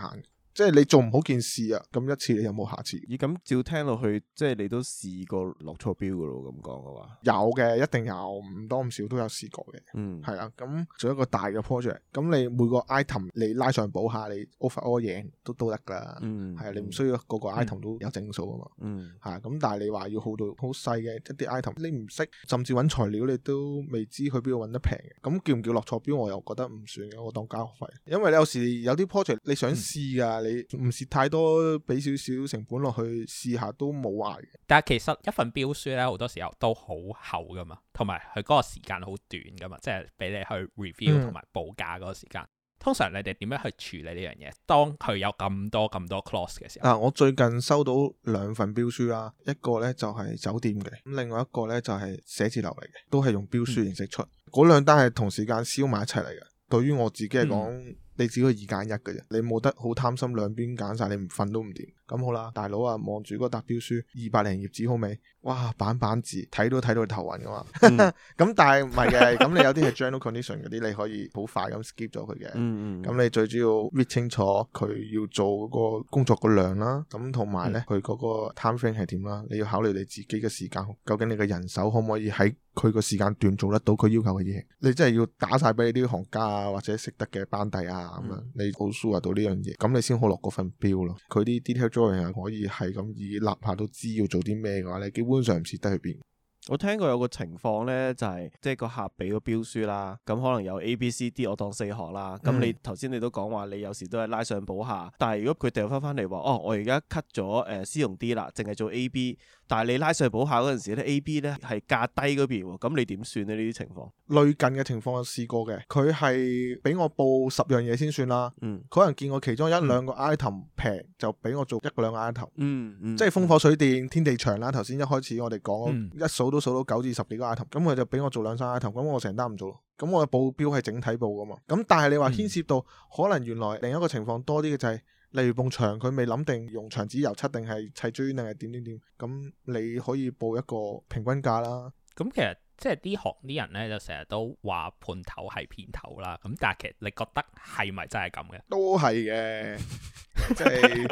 [SPEAKER 3] 即係你做唔好件事啊，咁一次你有冇下次？
[SPEAKER 2] 咦，咁照聽落去，
[SPEAKER 3] 即係你都試過落錯標噶咯。咁講嘅話，有嘅，一定有，唔多唔少都有試過嘅。嗯，係啊 Ouais，咁做一個大嘅 project，咁你每個 item 你拉上補下，你 over all 贏都都得噶。嗯，係啊，你唔需要個個 item 都有整數啊嘛。嗯，吓咁，但係你話要好到好細嘅一啲 item，你唔識，甚至搵材料你都未知佢邊度搵得平嘅，咁叫唔叫落錯標？我又覺得唔算，我當交學費。因為你有時有啲 project 你想試噶。嗯你唔蝕太多，俾少少成本落去試下都冇
[SPEAKER 1] 壞。但係其實一份標書咧，好多時候都好厚噶嘛，同埋佢嗰個時間好短噶嘛，即係俾你去 review 同埋報價嗰個時間。嗯、通常你哋點樣去處理呢樣嘢？當佢有咁多咁多 close 嘅時候嗱、啊，
[SPEAKER 3] 我最近收到兩份標書啦，一個咧就係、是、酒店嘅，咁另外一個咧就係、是、寫字樓嚟嘅，都係用標書形式出。嗰、嗯、兩單係同時間燒埋一齊嚟嘅。對於我自己嚟講。嗯你只可以二揀一嘅啫，你冇得好貪心，兩邊揀晒，你唔瞓都唔掂。咁好啦，大佬啊，望住嗰個達標書，二百零頁紙好未？哇，板板字，睇都睇到你頭暈噶嘛。咁、嗯、 但係唔係嘅，咁你有啲係 general condition 嗰啲，你可以好快咁 skip 咗佢嘅。咁、嗯、你最主要 read 清楚佢要做嗰個工作嘅量啦，咁同埋咧佢嗰個 time frame 係點啦，你要考慮你自己嘅時間，究竟你嘅人手可唔可以喺佢個時間段做得到佢要求嘅嘢？你真係要打曬俾你啲行家啊，或者識得嘅班底啊。啊、嗯、你好消化到呢樣嘢，咁你先好落嗰份標咯。佢啲 detail drawing 可以係咁，以立下都知要做啲咩嘅話，你基本上唔似得去邊。
[SPEAKER 2] 我聽過有個情況呢，就係、是、即係個客俾個標書啦，咁可能有 A、B、C、D，我當四項啦。咁你頭先、嗯、你，你都講話，你有時都係拉上補下，但係如果佢掉翻翻嚟話，哦，我而家 cut 咗誒 C、D 啦，淨係做 A、B。但係你拉稅保下嗰陣時咧，A、B 咧係價低嗰邊，咁你點算咧呢啲情況？
[SPEAKER 3] 類近嘅情況，我試過嘅，佢係俾我報十樣嘢先算啦。嗯，可能見我其中一兩個 item 平，就俾我做一兩個兩 item、嗯。嗯即係風火水電、嗯、天地牆啦。頭先一開始我哋講，嗯、一數都數到九至十幾個 item，咁佢就俾我做兩三 item，咁我成單唔做咯。咁我嘅報標係整體報噶嘛？咁但係你話牽涉到、嗯、可能原來另一個情況多啲嘅就係、是。例如埲牆佢未諗定用牆紙油漆定係砌磚定係點點點，咁、嗯、你可以報一個平均價啦。咁、嗯、其
[SPEAKER 1] 實即係啲行啲人咧，就成日都話判頭係騙頭啦。咁但係其實你覺得係咪真係咁嘅？都
[SPEAKER 3] 係
[SPEAKER 2] 嘅。 即
[SPEAKER 1] 係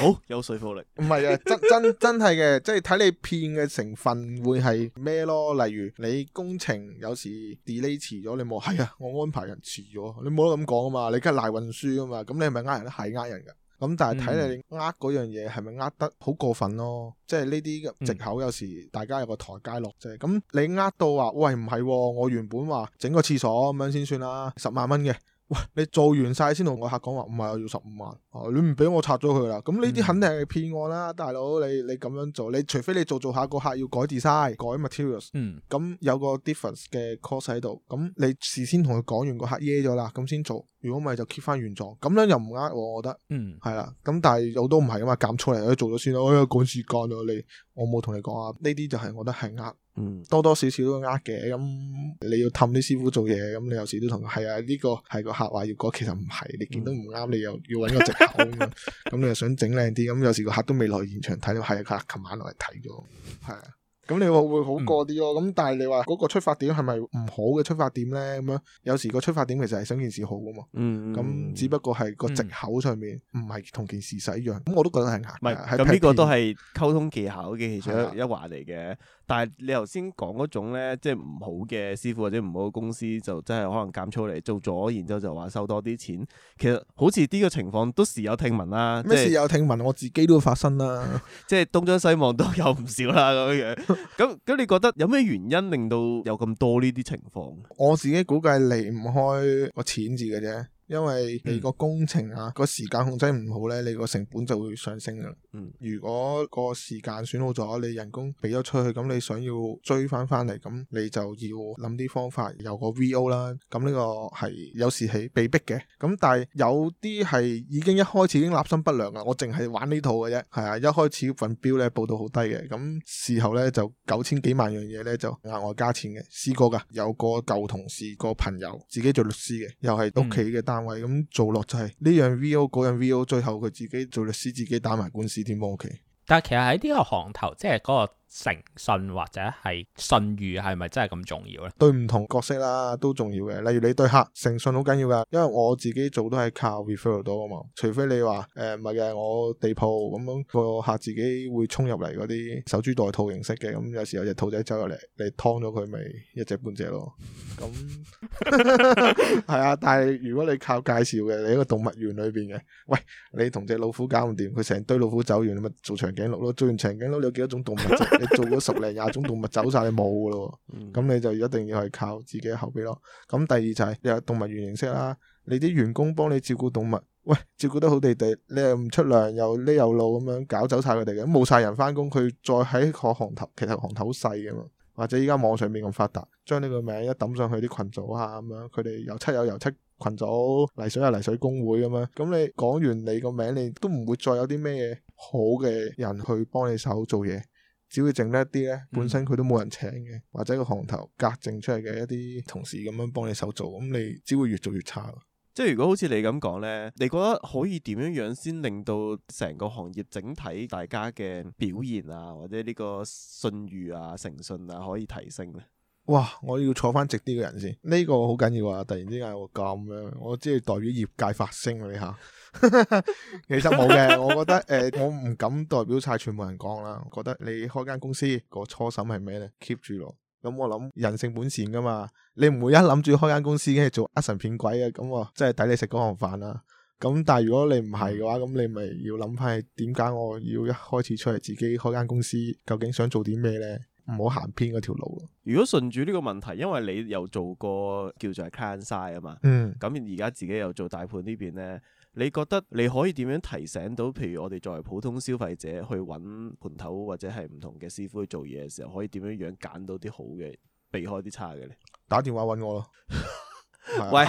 [SPEAKER 1] 好有說服力，唔係
[SPEAKER 3] 啊，真真真係嘅，即係睇你騙嘅成分會係咩咯？例如你工程有時 delay 遲咗，你冇，係啊，我安排人遲咗，你冇得咁講啊嘛，你梗係賴運輸啊嘛，咁你係咪呃人咧？係呃人噶，咁但係睇你呃嗰樣嘢，係咪呃得好過分咯？即係呢啲藉口、嗯、有時大家有個台階落啫，咁你呃到話喂，唔係，我原本話整個廁所咁樣先算啦，十萬蚊嘅。喂，你做完晒先同個客講話，唔係我要十五萬，啊、你唔俾我拆咗佢啦。咁呢啲肯定係騙案啦，大佬，你你咁樣做，你除非你做做下個客要改 design、嗯、改 materials，咁有個 difference 嘅 cost 喺度，咁你事先同佢講完個客耶咗啦，咁先做。如果唔係就 keep 翻原狀，咁樣又唔呃我，我覺得，嗯，係啦。咁但係有都唔係啊嘛，減粗嚟都做咗先啦。哎呀，趕時間啊你，我冇同你講啊。呢啲就係我覺得係呃。嗯，多多少少都呃嘅，咁、嗯、你要氹啲師傅做嘢，咁、嗯、你有時都同佢係啊，呢、這個係個客話要改，其實唔係，你見到唔啱，你又要揾個借口咁 樣，咁、嗯、你又想整靚啲，咁、嗯、有時個客都未嚟現場睇，係、嗯、啊，客、嗯、琴晚落嚟睇咗，係、嗯、啊。咁你會唔會好過啲咯，咁、嗯、但係你話嗰個出發點係咪唔好嘅出發點咧？咁樣有時個出發點其實係想件事好㗎嘛。嗯咁只不過係個藉口上面，唔係同件事實一樣。咁、嗯、我都覺得係硬。咁呢、嗯、個都係
[SPEAKER 2] 溝通技巧嘅其中一環嚟嘅。的但係你頭先講嗰種咧，即係唔好嘅師傅或者唔好嘅公司，就真係可能減粗嚟做咗，然之後就話收多啲錢。其實好似呢個情況都時有聽聞啦。咩即時有
[SPEAKER 3] 聽聞？我自己都會發生啦。
[SPEAKER 2] 即係東張西望都有唔少啦咁樣樣。 咁咁，你覺得有咩原因令到有咁多呢啲情況？
[SPEAKER 3] 我自己估計離唔開個錢字嘅啫，因為你個工程啊，個、嗯、時間控制唔好咧，你個成本就會上升嘅。嗯、如果個時間選好咗，你人工俾咗出去，咁你想要追翻翻嚟，咁你就要諗啲方法，有個 VO 啦，咁呢個係有時係被逼嘅，咁但係有啲係已經一開始已經立心不良啊，我淨係玩呢套嘅啫，係啊，一開始份標咧報到好低嘅，咁事後呢，就九千幾萬樣嘢呢就額外加錢嘅，試過噶，有個舊同事個朋友自己做律師嘅，又係屋企嘅單位，咁、嗯、做落就係呢樣 VO 嗰樣 VO，最後佢自己做律師自己打埋官司。但係其
[SPEAKER 1] 實喺呢個行頭，即係嗰個，誠信或者係信譽係咪真係咁重要咧？
[SPEAKER 3] 對唔同角色啦都重要嘅，例如你對客誠信好緊要噶因為我自己做都係靠 refer 到啊嘛，除非你話誒唔係嘅，我地鋪咁樣，個客自己會衝入嚟嗰啲守株待兔形式嘅，咁、嗯、有時有隻兔仔走入嚟，你劏咗佢咪一隻半隻咯。咁係啊， 但係如果你靠介紹嘅，你一個動物園裏邊嘅，喂，你同隻老虎搞唔掂，佢成堆老虎走完，咪做長頸鹿咯，做完長頸鹿，長頸鹿你有幾多種動物？ 你做咗十零廿種動物走晒，你冇噶咯，咁你就一定要係靠自己後備咯。咁第二就係，你有動物園形式啦，你啲員工幫你照顧動物，喂照顧得好地地，你糧又唔出糧又呢又老咁樣搞走晒佢哋嘅，冇晒人翻工，佢再喺個行頭，其實行頭細噶嘛，或者依家網上面咁發達，將呢個名一抌上去啲群組啊，咁樣佢哋油漆有油漆群組，泥水有泥水工會咁樣，咁你講完你個名，你都唔會再有啲咩嘢好嘅人去幫你手做嘢。只會剩得一啲咧，本身佢都冇人請嘅，嗯、或者個行頭隔剩出嚟嘅一啲同事咁樣幫你手做，咁你只會越做越差。即係
[SPEAKER 2] 如果好似你咁講咧，你覺得可以點樣樣先令到成個行業整體大家嘅表現啊，或者呢個信譽啊、誠信啊可以提升咧？
[SPEAKER 3] 哇！我要坐翻直啲嘅人先，呢、這個好緊要啊！突然之間我咁樣，我即係代表業界發聲你下 其實冇嘅，我覺得誒、呃，我唔敢代表曬全部人講啦。覺得你開間公司個初心係咩咧？keep 住囉。咁、嗯、我諗人性本善噶嘛，你唔會一諗住開間公司已經係做阿神騙鬼、嗯嗯、啊咁喎，即係抵你食嗰行飯啦。咁但係如果你唔係嘅話，咁、嗯、你咪要諗翻係點解我要一開始出嚟自己開間公司，究竟想做啲咩咧？唔好行偏嗰條路咯。
[SPEAKER 2] 如果順住呢個問題，因為你又做過叫做 client side 啊嘛，嗯，咁而家自己又做大判呢邊呢，你覺得你可以點樣提醒到？譬如我哋作為普通消費者去揾判頭或者係唔同嘅師傅去做嘢嘅時候，可以點樣樣揀到啲好嘅，避開啲差嘅呢？打電話揾我咯。 喂，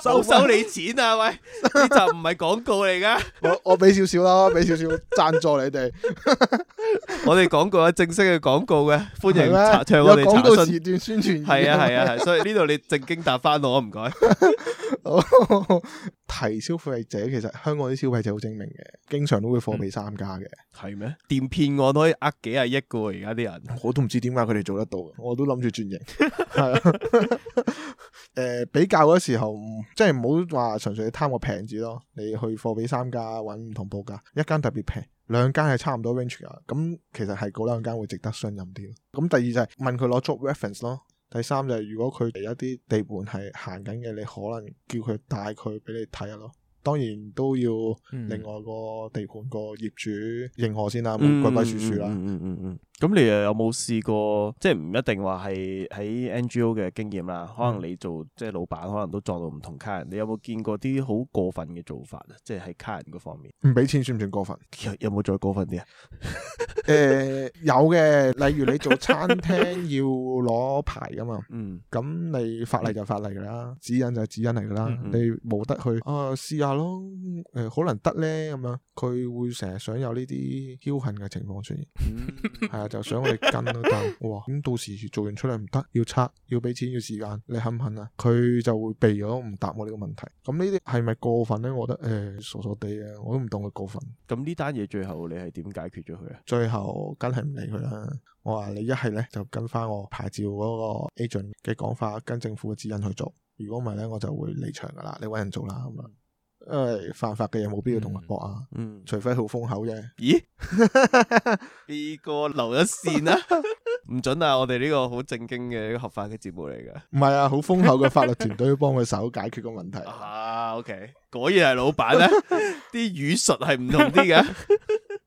[SPEAKER 2] 收 收你錢啊！喂，呢 集唔係廣告嚟噶 ，
[SPEAKER 3] 我點點我俾少少啦，俾少少贊助你哋 。
[SPEAKER 2] 我哋廣告啊，正式嘅廣告嘅，歡迎請嗎我哋查詢廣告時
[SPEAKER 3] 段宣傳、 啊。係啊係啊係、啊，所以
[SPEAKER 2] 呢度你正經答翻我，唔該。
[SPEAKER 3] 提消費者其實香港啲消費者好精明嘅，經常都會貨比三家嘅。
[SPEAKER 2] 係咩、嗯？電騙案我都可以呃幾廿億嘅而家啲人。
[SPEAKER 3] 我都唔知點解佢哋做得到，我都諗住轉型。係啊。誒，比較嗰時候，即係唔好話純粹貪個平字咯。你去貨比三家，揾唔同報價，一間特別平，兩間係差唔多 range 嘅。咁其實係嗰兩間會值得信任啲。咁第二就係問佢攞 job reference 咯。第三就係，如果佢哋一啲地盤係行緊嘅，你可能叫佢帶佢畀你睇下囉。當然都要另外個地盤個業主認可先啦，規規矩矩啦。
[SPEAKER 2] 咁你又有冇試過？即係唔一定話係喺 NGO 嘅經驗啦。可能你做即係、就是、老闆，可能都撞到唔同客人。你有冇見過啲好過分嘅做法啊？即係喺客人嗰方面，
[SPEAKER 3] 唔俾錢算唔算過分？有冇再過分啲啊？誒、 欸，有嘅。例如你做餐廳要攞牌噶嘛？嗯，咁你法例就法例噶啦，指引就係指引嚟噶啦。嗯嗯，你冇得去啊，試下。咯，誒、啊，可能得咧咁樣，佢會成日想有呢啲僥倖嘅情況出現，係 啊，就想我哋跟咯。咁到時做完出嚟唔得，要拆，要俾錢，要時間，你肯唔肯啊？佢就會避咗唔答我呢個問題。咁呢啲係咪過分咧？我覺得誒、欸，傻傻地啊，我都唔當佢過分。
[SPEAKER 2] 咁呢單嘢最後你係點解決咗佢啊？
[SPEAKER 3] 最後梗係唔理佢啦。我話你一係咧就跟翻我牌照嗰個 agent 嘅講法，跟政府嘅指引去做。如果唔係咧，我就會離場噶啦。你搵人做啦咁啊。誒、哎，犯法嘅嘢冇必要同我搏啊，嗯嗯、除非好封口啫。
[SPEAKER 2] 咦 B 哥留一線啦、啊，唔准啊！我哋呢個好正經嘅合法嘅節目嚟嘅。唔係
[SPEAKER 3] 啊，好封口嘅法律團隊幫佢手解決個問題啊。
[SPEAKER 1] 啊 OK，果然係老闆咧，啲 語術係唔同啲嘅。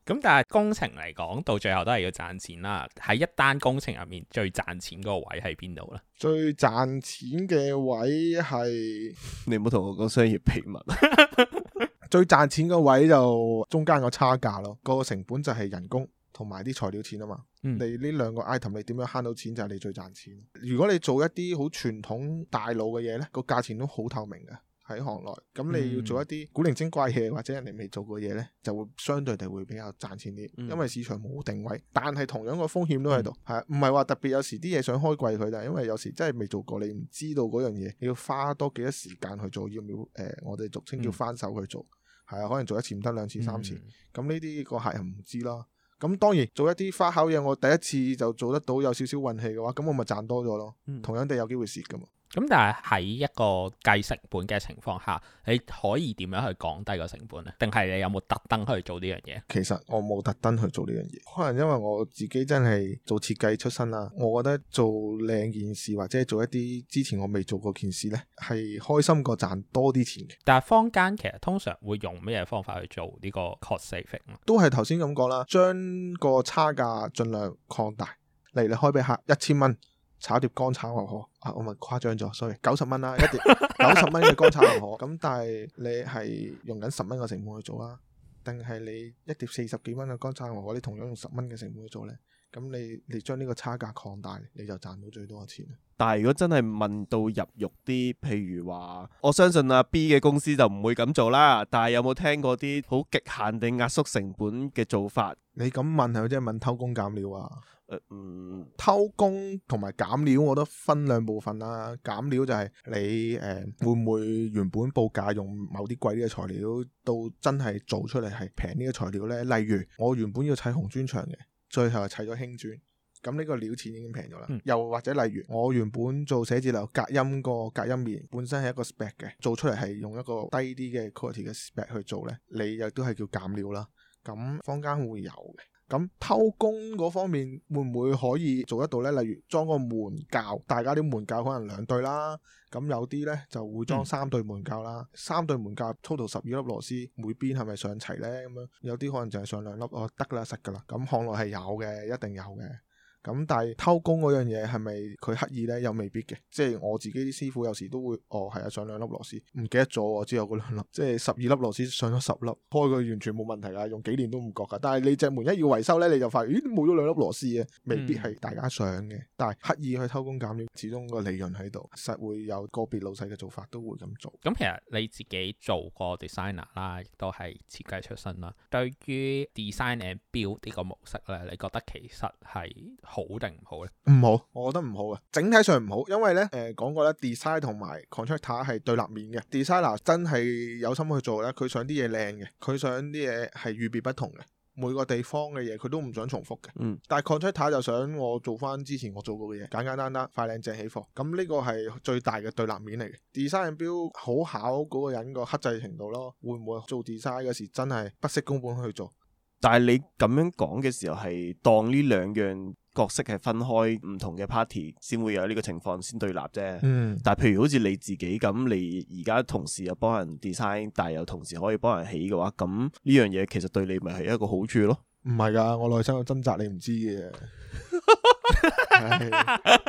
[SPEAKER 1] 咁但係工程嚟講，到最後都係要賺錢啦。喺一單工程入面，最賺錢嗰個位喺邊度呢？
[SPEAKER 3] 最賺錢嘅位係 你唔好同我講商業秘密。 最賺錢個位就中間個差價咯，個成本就係人工同埋啲材料錢啊嘛。嗯、你呢兩個 item，你點樣慳到錢就係你最賺錢。如果你做一啲好傳統大路嘅嘢呢，個價錢都好透明嘅。喺行內，咁你要做一啲古靈精怪嘅嘢，或者人哋未做過嘢呢，就會相對地會比較賺錢啲，因為市場冇定位。但係同樣個風險都喺度，係唔係話特別？有時啲嘢想開貴佢，但係因為有時真係未做過，你唔知道嗰樣嘢，你要花多幾多時間去做，要唔要誒、呃，我哋俗稱叫翻手去做，係啊、嗯，可能做一次唔得，兩次、三次。咁呢啲個客人唔知咯。咁當然做一啲花巧嘢，我第一次就做得到有少少運氣嘅話，咁我咪賺多咗咯。嗯、同樣地，有機會蝕噶嘛。
[SPEAKER 1] 咁但係喺一個計成本嘅情況下，你可以點樣去降低個成本咧？定係你有冇特登去做呢樣嘢？
[SPEAKER 3] 其實我冇特登去做呢樣嘢，可能因為我自己真係做設計出身啊，我覺得做靚件事或者做一啲之前我未做過件事呢，係開心過賺多啲錢嘅。
[SPEAKER 1] 但係坊間其實通常會用咩方法去做呢個 cost saving 啊？
[SPEAKER 3] 都係頭先咁講啦，將個差價盡量擴大，例如你開俾客一千蚊。1, 炒碟乾炒牛河啊，我咪誇張咗，sorry 九十蚊啦一碟，九十蚊嘅乾炒牛河，咁但係你係用緊十蚊嘅成本去做啦，定係你一碟四十幾蚊嘅乾炒牛河，你同樣用十蚊嘅成本去做呢？咁你你將呢個差價擴大，你就賺到最多嘅錢。
[SPEAKER 2] 但係如果真係問到入肉啲，譬如話，我相信阿 B 嘅公司就唔會咁做啦。但係有冇聽過啲好極限定壓縮成本嘅做法？
[SPEAKER 3] 你咁問係咪真係問偷工減料啊？偷工同埋減料，我覺得分兩部分啦。減料就係你誒、呃，會唔會原本報價用某啲貴啲嘅材料，到真係做出嚟係平啲嘅材料呢？例如我原本要砌紅磚牆嘅，最後砌咗輕磚，咁呢個料錢已經平咗啦。嗯、又或者例如我原本做寫字樓隔音個隔音面，本身係一個 spec 嘅，做出嚟係用一個低啲嘅 quality 嘅 spec 去做呢，你又都係叫減料啦。咁坊間會有嘅。咁偷工嗰方面會唔會可以做得到呢？例如裝個門鉸，大家啲門鉸可能兩對啦，咁有啲呢就會裝三對門鉸啦。嗯、三對門鉸粗到十二粒螺絲，每邊係咪上齊呢？咁樣有啲可能就係上兩粒哦，得啦，實噶啦。咁看來係有嘅，一定有嘅。咁但係偷工嗰樣嘢係咪佢刻意呢？又未必嘅，即係我自己啲師傅有時都會，哦係啊，上兩粒螺絲，唔記得咗我只有嗰兩粒，即係十二粒螺絲上咗十粒，開佢完全冇問題啦，用幾年都唔覺噶。但係你隻門一要維修呢，你就發現咦冇咗兩粒螺絲啊，未必係大家上嘅。嗯、但係刻意去偷工減料，始終個利潤喺度，實會有個別老細嘅做法都會咁做。
[SPEAKER 1] 咁其實你自己做過 designer 啦，亦都係設計出身啦。對於 design and build 呢個模式呢，你覺得其實係？好定唔好咧？
[SPEAKER 3] 唔好，我覺得唔好嘅，整體上唔好，因為咧，誒、呃、講過咧，design 同埋 contractor 係對立面嘅。designer 真係有心去做咧，佢想啲嘢靚嘅，佢想啲嘢係與別不同嘅，每個地方嘅嘢佢都唔想重複嘅。嗯，但 contractor 就想我做翻之前我做過嘅嘢，簡簡單單，單、快靚正起貨。咁呢個係最大嘅對立面嚟嘅。design build 好考嗰個人個克制程度咯，會唔會做 design 嗰時真係不惜工本去做？
[SPEAKER 2] 但係你咁樣講嘅時候係當呢兩樣。角色係分開唔同嘅 party 先會有呢個情況，先對立啫。嗯、但係譬如好似你自己咁，你而家同時又幫人 design，但係又同時可以幫人起嘅話，咁呢樣嘢其實對你咪係一個好處咯。唔係㗎，我內心嘅掙扎你唔知嘅，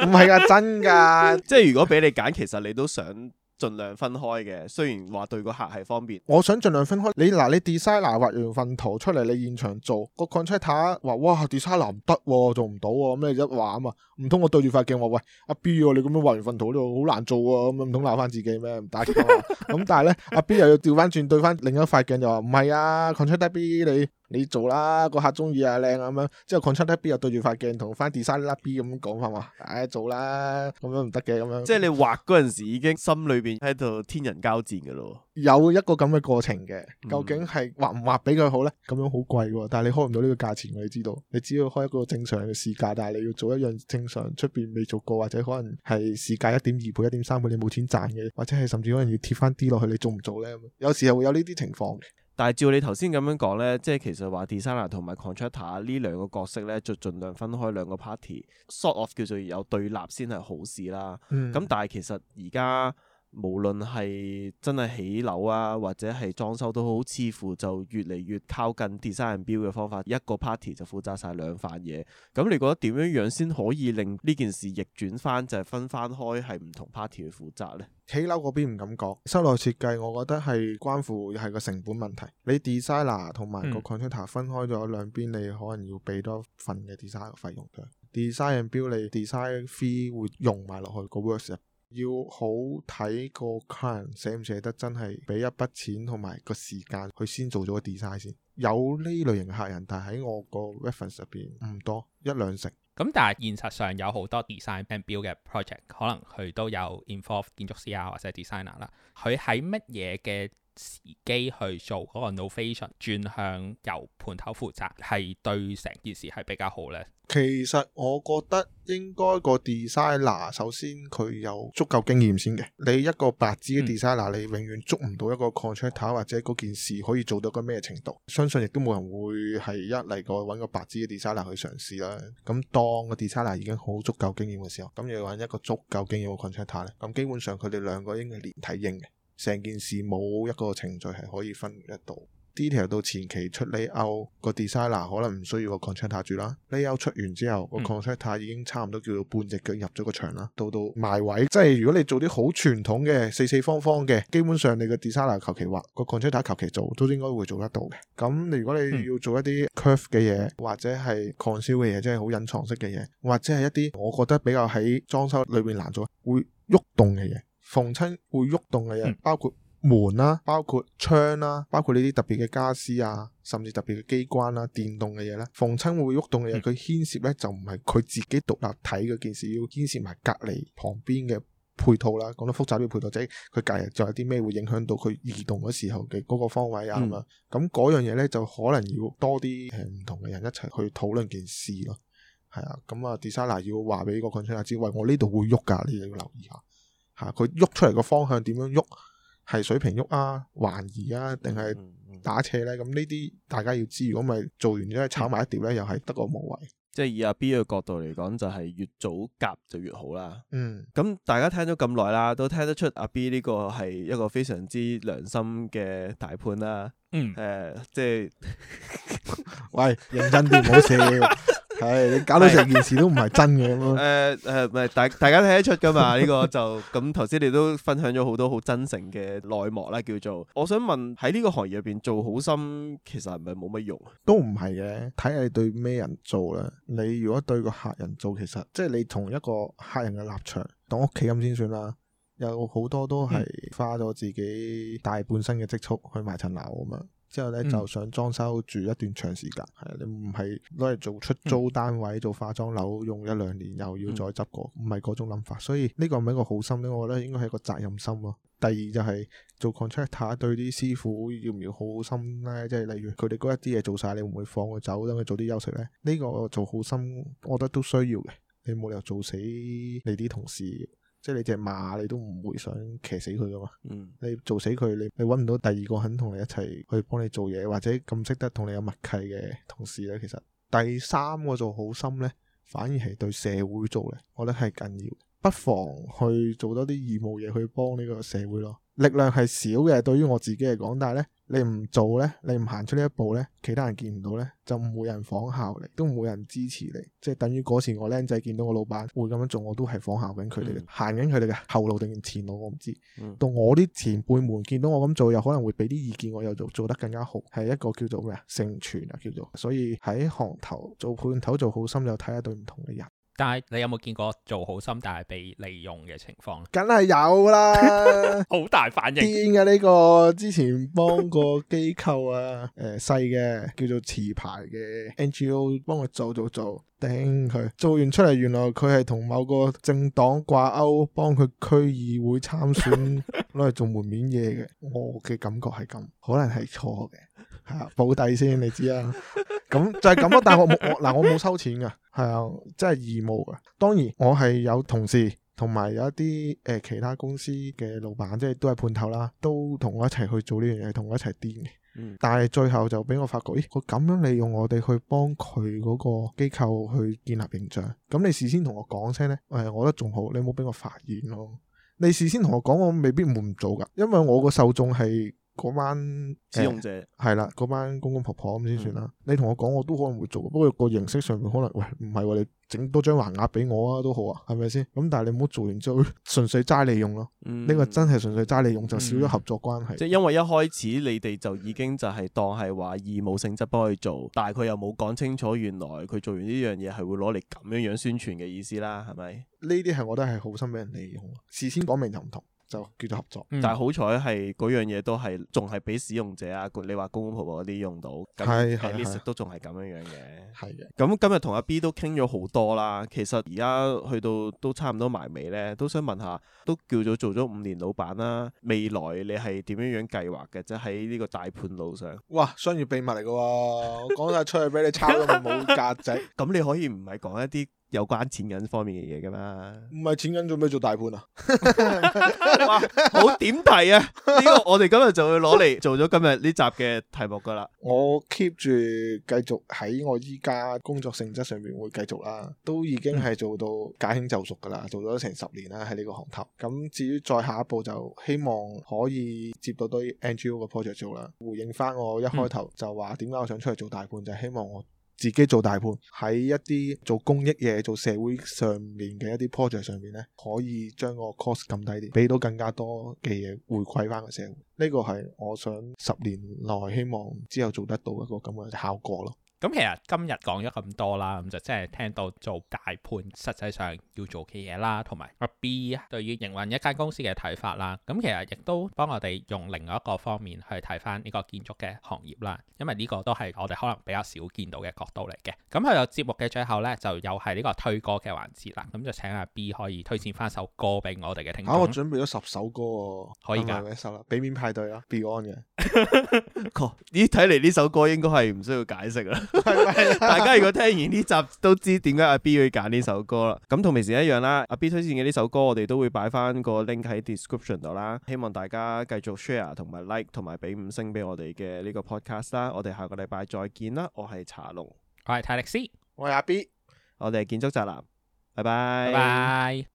[SPEAKER 2] 唔係㗎，真㗎。 即係如果俾你揀，其實你都想。盡量分開嘅，雖然話對個客係方便。
[SPEAKER 3] 我想盡量分開你嗱，你，你 designer 畫完份圖出嚟，你現場做個 contractor 話，哇 design 唔得、啊，做唔到、啊，咩一畫啊嘛～唔通我對住塊鏡話喂阿 B 喎，你咁樣畫完份圖都好難做啊。咁樣唔通鬧翻自己咩？唔得嘅，咁 但係咧阿 B 又要調翻轉對翻另一塊鏡就話唔係啊，contracted B 你你做啦，個客中意啊靚啊咁樣，之後 contracted B 又對住塊鏡同翻 designer B 咁講翻話，係嘛、唉、哎、做啦，
[SPEAKER 2] 咁樣唔得嘅，咁樣即係你畫嗰陣時已經心裏邊喺度天人交戰嘅咯。
[SPEAKER 3] 有一個咁嘅過程嘅，究竟係劃唔劃俾佢好呢？咁樣好貴喎，但係你開唔到呢個價錢，我哋知道。你只要開一個正常嘅市價，但係你要做一樣正常出邊未做過，或者可能係市價一點二倍、一點三倍，你冇錢賺嘅，或者係甚至可能要貼翻啲落去，你做唔做呢？有時候會有呢啲情況。
[SPEAKER 2] 但係照你頭先咁樣講呢，即係其實話 designer 同埋 contractor 呢兩個角色呢，就盡量分開兩個 party，sort of 叫做有對立先係好事啦。咁、嗯、但係其實而家。無論係真係起樓啊，或者係裝修都好，似乎就越嚟越靠近 design and build 嘅方法，一個 party 就負責晒兩塊嘢。咁你覺得點樣樣先可以令呢件事逆轉翻，就係、是、分翻開係唔同 party 去負責呢？
[SPEAKER 3] 起樓嗰邊唔敢講，室內設計我覺得係關乎係個成本問題。你 designer 同埋個 contractor、er、分開咗兩邊，嗯、你可能要俾多份嘅 design 費用。design and build，你 design fee 會用埋落去、個 works。要好睇個客人捨唔捨得真係俾一筆錢同埋個時間，佢先做咗個 design 先。有呢類型嘅客人，但係喺我個 reference 入邊唔多一
[SPEAKER 1] 兩成。咁、嗯、但係現實上有好多 design and build 嘅 project，可能佢都有 involve 建築師啊或者 designer 啦。佢喺乜嘢嘅？時機去做嗰個 novation，轉向由盤頭負責係對成件事係比較好呢。
[SPEAKER 3] 其實我覺得應該個 designer 首先佢有足夠經驗先嘅。你一個白紙嘅 designer，你永遠捉唔到一個 contractor 或者嗰件事可以做到個咩程度。相信亦都冇人會係一嚟過揾個白紙嘅 designer 去嘗試啦。咁當個 designer 已經好足夠經驗嘅時候，咁要揾一個足夠經驗嘅 contractor 咧，咁基本上佢哋兩個應該連體應嘅。成件事冇一個程序係可以分得到 detail，到前期出 layout，個 designer 可能唔需要個 contractor 住啦。layout 出完之後，嗯、個 contractor 已經差唔多叫做半隻腳入咗個場啦。到到埋位，嗯、即係如果你做啲好傳統嘅四四方方嘅，基本上你 des、個 designer 求其畫，個 contractor 求其做，都應該會做得到嘅。咁如果你要做一啲 curve 嘅嘢，或者係 concealed 嘅嘢，即係好隱藏式嘅嘢，或者係一啲我覺得比較喺裝修裏邊難做、會喐動嘅嘢。逢親會喐動嘅嘢，包括門啦、啊，包括窗啦、啊，包括呢啲特別嘅傢俬啊，甚至特別嘅機關啦、啊，電動嘅嘢咧，逢親會喐動嘅嘢，佢牽涉咧就唔係佢自己獨立睇嘅件事，要牽涉埋隔離旁邊嘅配套啦。講到複雜啲配套，即係佢隔日仲有啲咩會影響到佢移動嗰時候嘅嗰個方位啊嘛。咁嗰、嗯、樣嘢咧就可能要多啲唔同嘅人一齊去討論件事咯。係啊，咁啊 designer 要話俾個 c o n s 喂，我呢度會喐㗎，你哋要留意下。吓佢喐出嚟個方向點樣喐，係水平喐啊，橫移啊，定係打斜呢？咁呢啲大家要知，如果咪做完咗炒埋一碟呢，又係得個無謂。
[SPEAKER 2] 即係以阿 B 嘅角度嚟講，就係越早夾就越好啦。嗯，咁大家聽咗咁耐啦，都聽得出阿 B 呢個係一個非常之良心嘅大判啦。嗯，誒、呃，即係
[SPEAKER 3] 喂，認真啲，唔好笑。 係，你搞到成件事都唔係真嘅咁咯，
[SPEAKER 2] 誒誒，唔係大，大家睇得出噶嘛？呢 個就咁頭先，你都分享咗好多好真誠嘅內幕啦。叫做，我想問喺呢個行業入邊做好心，其實係咪冇乜用？
[SPEAKER 3] 都唔係嘅，睇下對咩人做啦。你如果對個客人做，其實即係你同一個客人嘅立場當屋企咁先算啦。有好多都係花咗自己大半生嘅積蓄去買層樓咁樣。之後咧、嗯、就想裝修住一段長時間，係你唔係攞嚟，做出租單位、嗯、做化妝樓用一兩年，又要再執過，唔係嗰種諗法。所以呢個唔係一個好心，我我覺得應該係一個責任心咯、啊。第二就係做 contractor 對啲師傅要唔要好好心咧，即、就、係、是、例如佢哋嗰一啲嘢做晒，你會唔會放佢走，等佢早啲休息咧？呢、這個做好心，我覺得都需要嘅。你冇理由做死你啲同事。即係你隻馬，你都唔會想騎死佢噶嘛。嗯、你做死佢，你你搵唔到第二個肯同你一齊去幫你做嘢，或者咁識得同你有默契嘅同事咧。其實第三個做好心咧，反而係對社會做嘅，我覺得係緊要。不妨去做多啲義務嘢去幫呢個社會咯。力量係少嘅，對於我自己嚟講，但係咧。你唔做呢，你唔行出呢一步呢，其他人見唔到呢，就唔會有人仿效你，都唔會有人支持你，即係等於嗰時我僆仔見到我老闆會咁樣做，我都係仿效緊佢哋，行緊佢哋嘅後路定前路，我唔知。嗯、到我啲前輩們見到我咁做，又可能會俾啲意見，我又做做得更加好，係一個叫做咩啊，成全啊，叫做。所以喺行頭做判頭，做頭做好心又睇一對唔同嘅人。
[SPEAKER 1] 但係你有冇見過做好心但係被利用嘅情況？梗係有啦， 好大反應。癲嘅
[SPEAKER 3] 呢個之前幫個機構啊，誒細嘅叫做持牌嘅 NGO 幫我做做做。頂佢做完出嚟，原來佢係同某個政黨掛鈎，幫佢區議會參選攞嚟做門面嘢嘅。我嘅感覺係咁，可能係錯嘅，係啊，保底先你知啦。咁 就係咁咯。但係我我嗱，我冇、呃、收錢噶，係啊，真係義務噶。當然我係有同事同埋有一啲誒、呃、其他公司嘅老闆，即係都係判頭啦，都同我一齊去做呢樣嘢，同我一齊癲嘅。但係最後就俾我發覺，咦、欸，佢咁樣利用我哋去幫佢嗰個機構去建立形象，咁你事先同我講聲呢？誒、哎，我覺得仲好，你冇俾我發現咯。你事先同我講，我未必唔做㗎，因為我個受眾係，嗰班使用者係啦。嗰、欸、班公公婆婆咁先算啦。嗯、你同我講，我都可能會做，不過個形式上面可能喂唔係喎，你整多張橫額俾我啊，都好啊，係咪先？咁、嗯嗯、但係你唔好做完之後純粹齋利用咯，呢、嗯、個真係純粹齋利用就少咗合作關係、嗯。即
[SPEAKER 2] 係因為一開始你哋就已經就係當係話義務性質幫佢做，但係佢又冇講清楚原來佢做完呢樣嘢係會攞嚟咁樣樣宣傳嘅意思啦，係咪？
[SPEAKER 3] 呢啲係我都係好心俾人利用，
[SPEAKER 2] 事先講明就唔同。就叫做合作，嗯，但，但係好彩係嗰樣嘢都係，仲係俾使用者啊，你話公公婆婆嗰啲用到，咁 l i 都仲係咁樣樣嘅。係咁今日同阿 B 都傾咗好多啦，其實而家去到都差唔多埋尾咧，都想問下，都叫做做咗五年老闆啦，未來你係點樣樣計劃嘅？啫？喺呢個大判路上。
[SPEAKER 3] 哇，商業秘密嚟噶，我講晒出去俾你抄都冇格仔。咁 你可以唔係講
[SPEAKER 2] 一啲？有關錢銀方面嘅嘢噶嘛？唔係錢銀做咩做大判啊？ 哇，好點題啊！呢 個我哋今日就會攞嚟做咗今日呢集嘅題目噶啦。
[SPEAKER 3] 我 keep 住繼續喺我依家工作性質上面會繼續啦，都已經係做到駕輕就熟噶啦，做咗成十年啦喺呢個行頭。咁至於再下一步就希望可以接到堆 NGO 嘅 project 做啦，回應翻我一開頭就話點解我想出嚟做大判，嗯、就係希望我。自己做大判喺一啲做公益嘢、做社會上面嘅一啲 project 上面呢，可以將個 cost 撳低啲，俾到更加多嘅嘢回饋翻個社會。呢、呢個係我想十年內希望之後做得到一個咁嘅效果咯。
[SPEAKER 1] 咁其實今日講咗咁多啦，咁就真係聽到做大判實際上要做嘅嘢啦，同埋阿 B 對於營運一間公司嘅睇法啦。咁其實亦都幫我哋用另外一個方面去睇翻呢個建築嘅行業啦，因為呢個都係我哋可能比較少見到嘅角度嚟嘅。咁喺個節目嘅最後呢，就又係呢個推歌嘅環節啦。咁就請阿 B 可以推薦翻首歌俾我哋嘅聽眾。啊，我準
[SPEAKER 3] 備咗
[SPEAKER 2] 十首歌啊，可以㗎。係咪揀一首啦，俾面派對啦，Beyond 嘅。嚇！咦？睇嚟呢首歌應該係唔需要解釋啦。 大家如果聽完呢集都知點解阿 B 要揀呢首歌啦。咁同平時一樣啦，阿 B 推薦嘅呢首歌我哋都會擺翻個 link 喺 description 度啦。希望大家繼續 share 同埋 like 同埋俾五星俾我哋嘅呢個 podcast 啦。我哋下個禮拜再見啦。我係茶龍，
[SPEAKER 1] 我係泰力斯，我係阿 B，我
[SPEAKER 2] 哋係建築宅男，拜拜。Bye bye。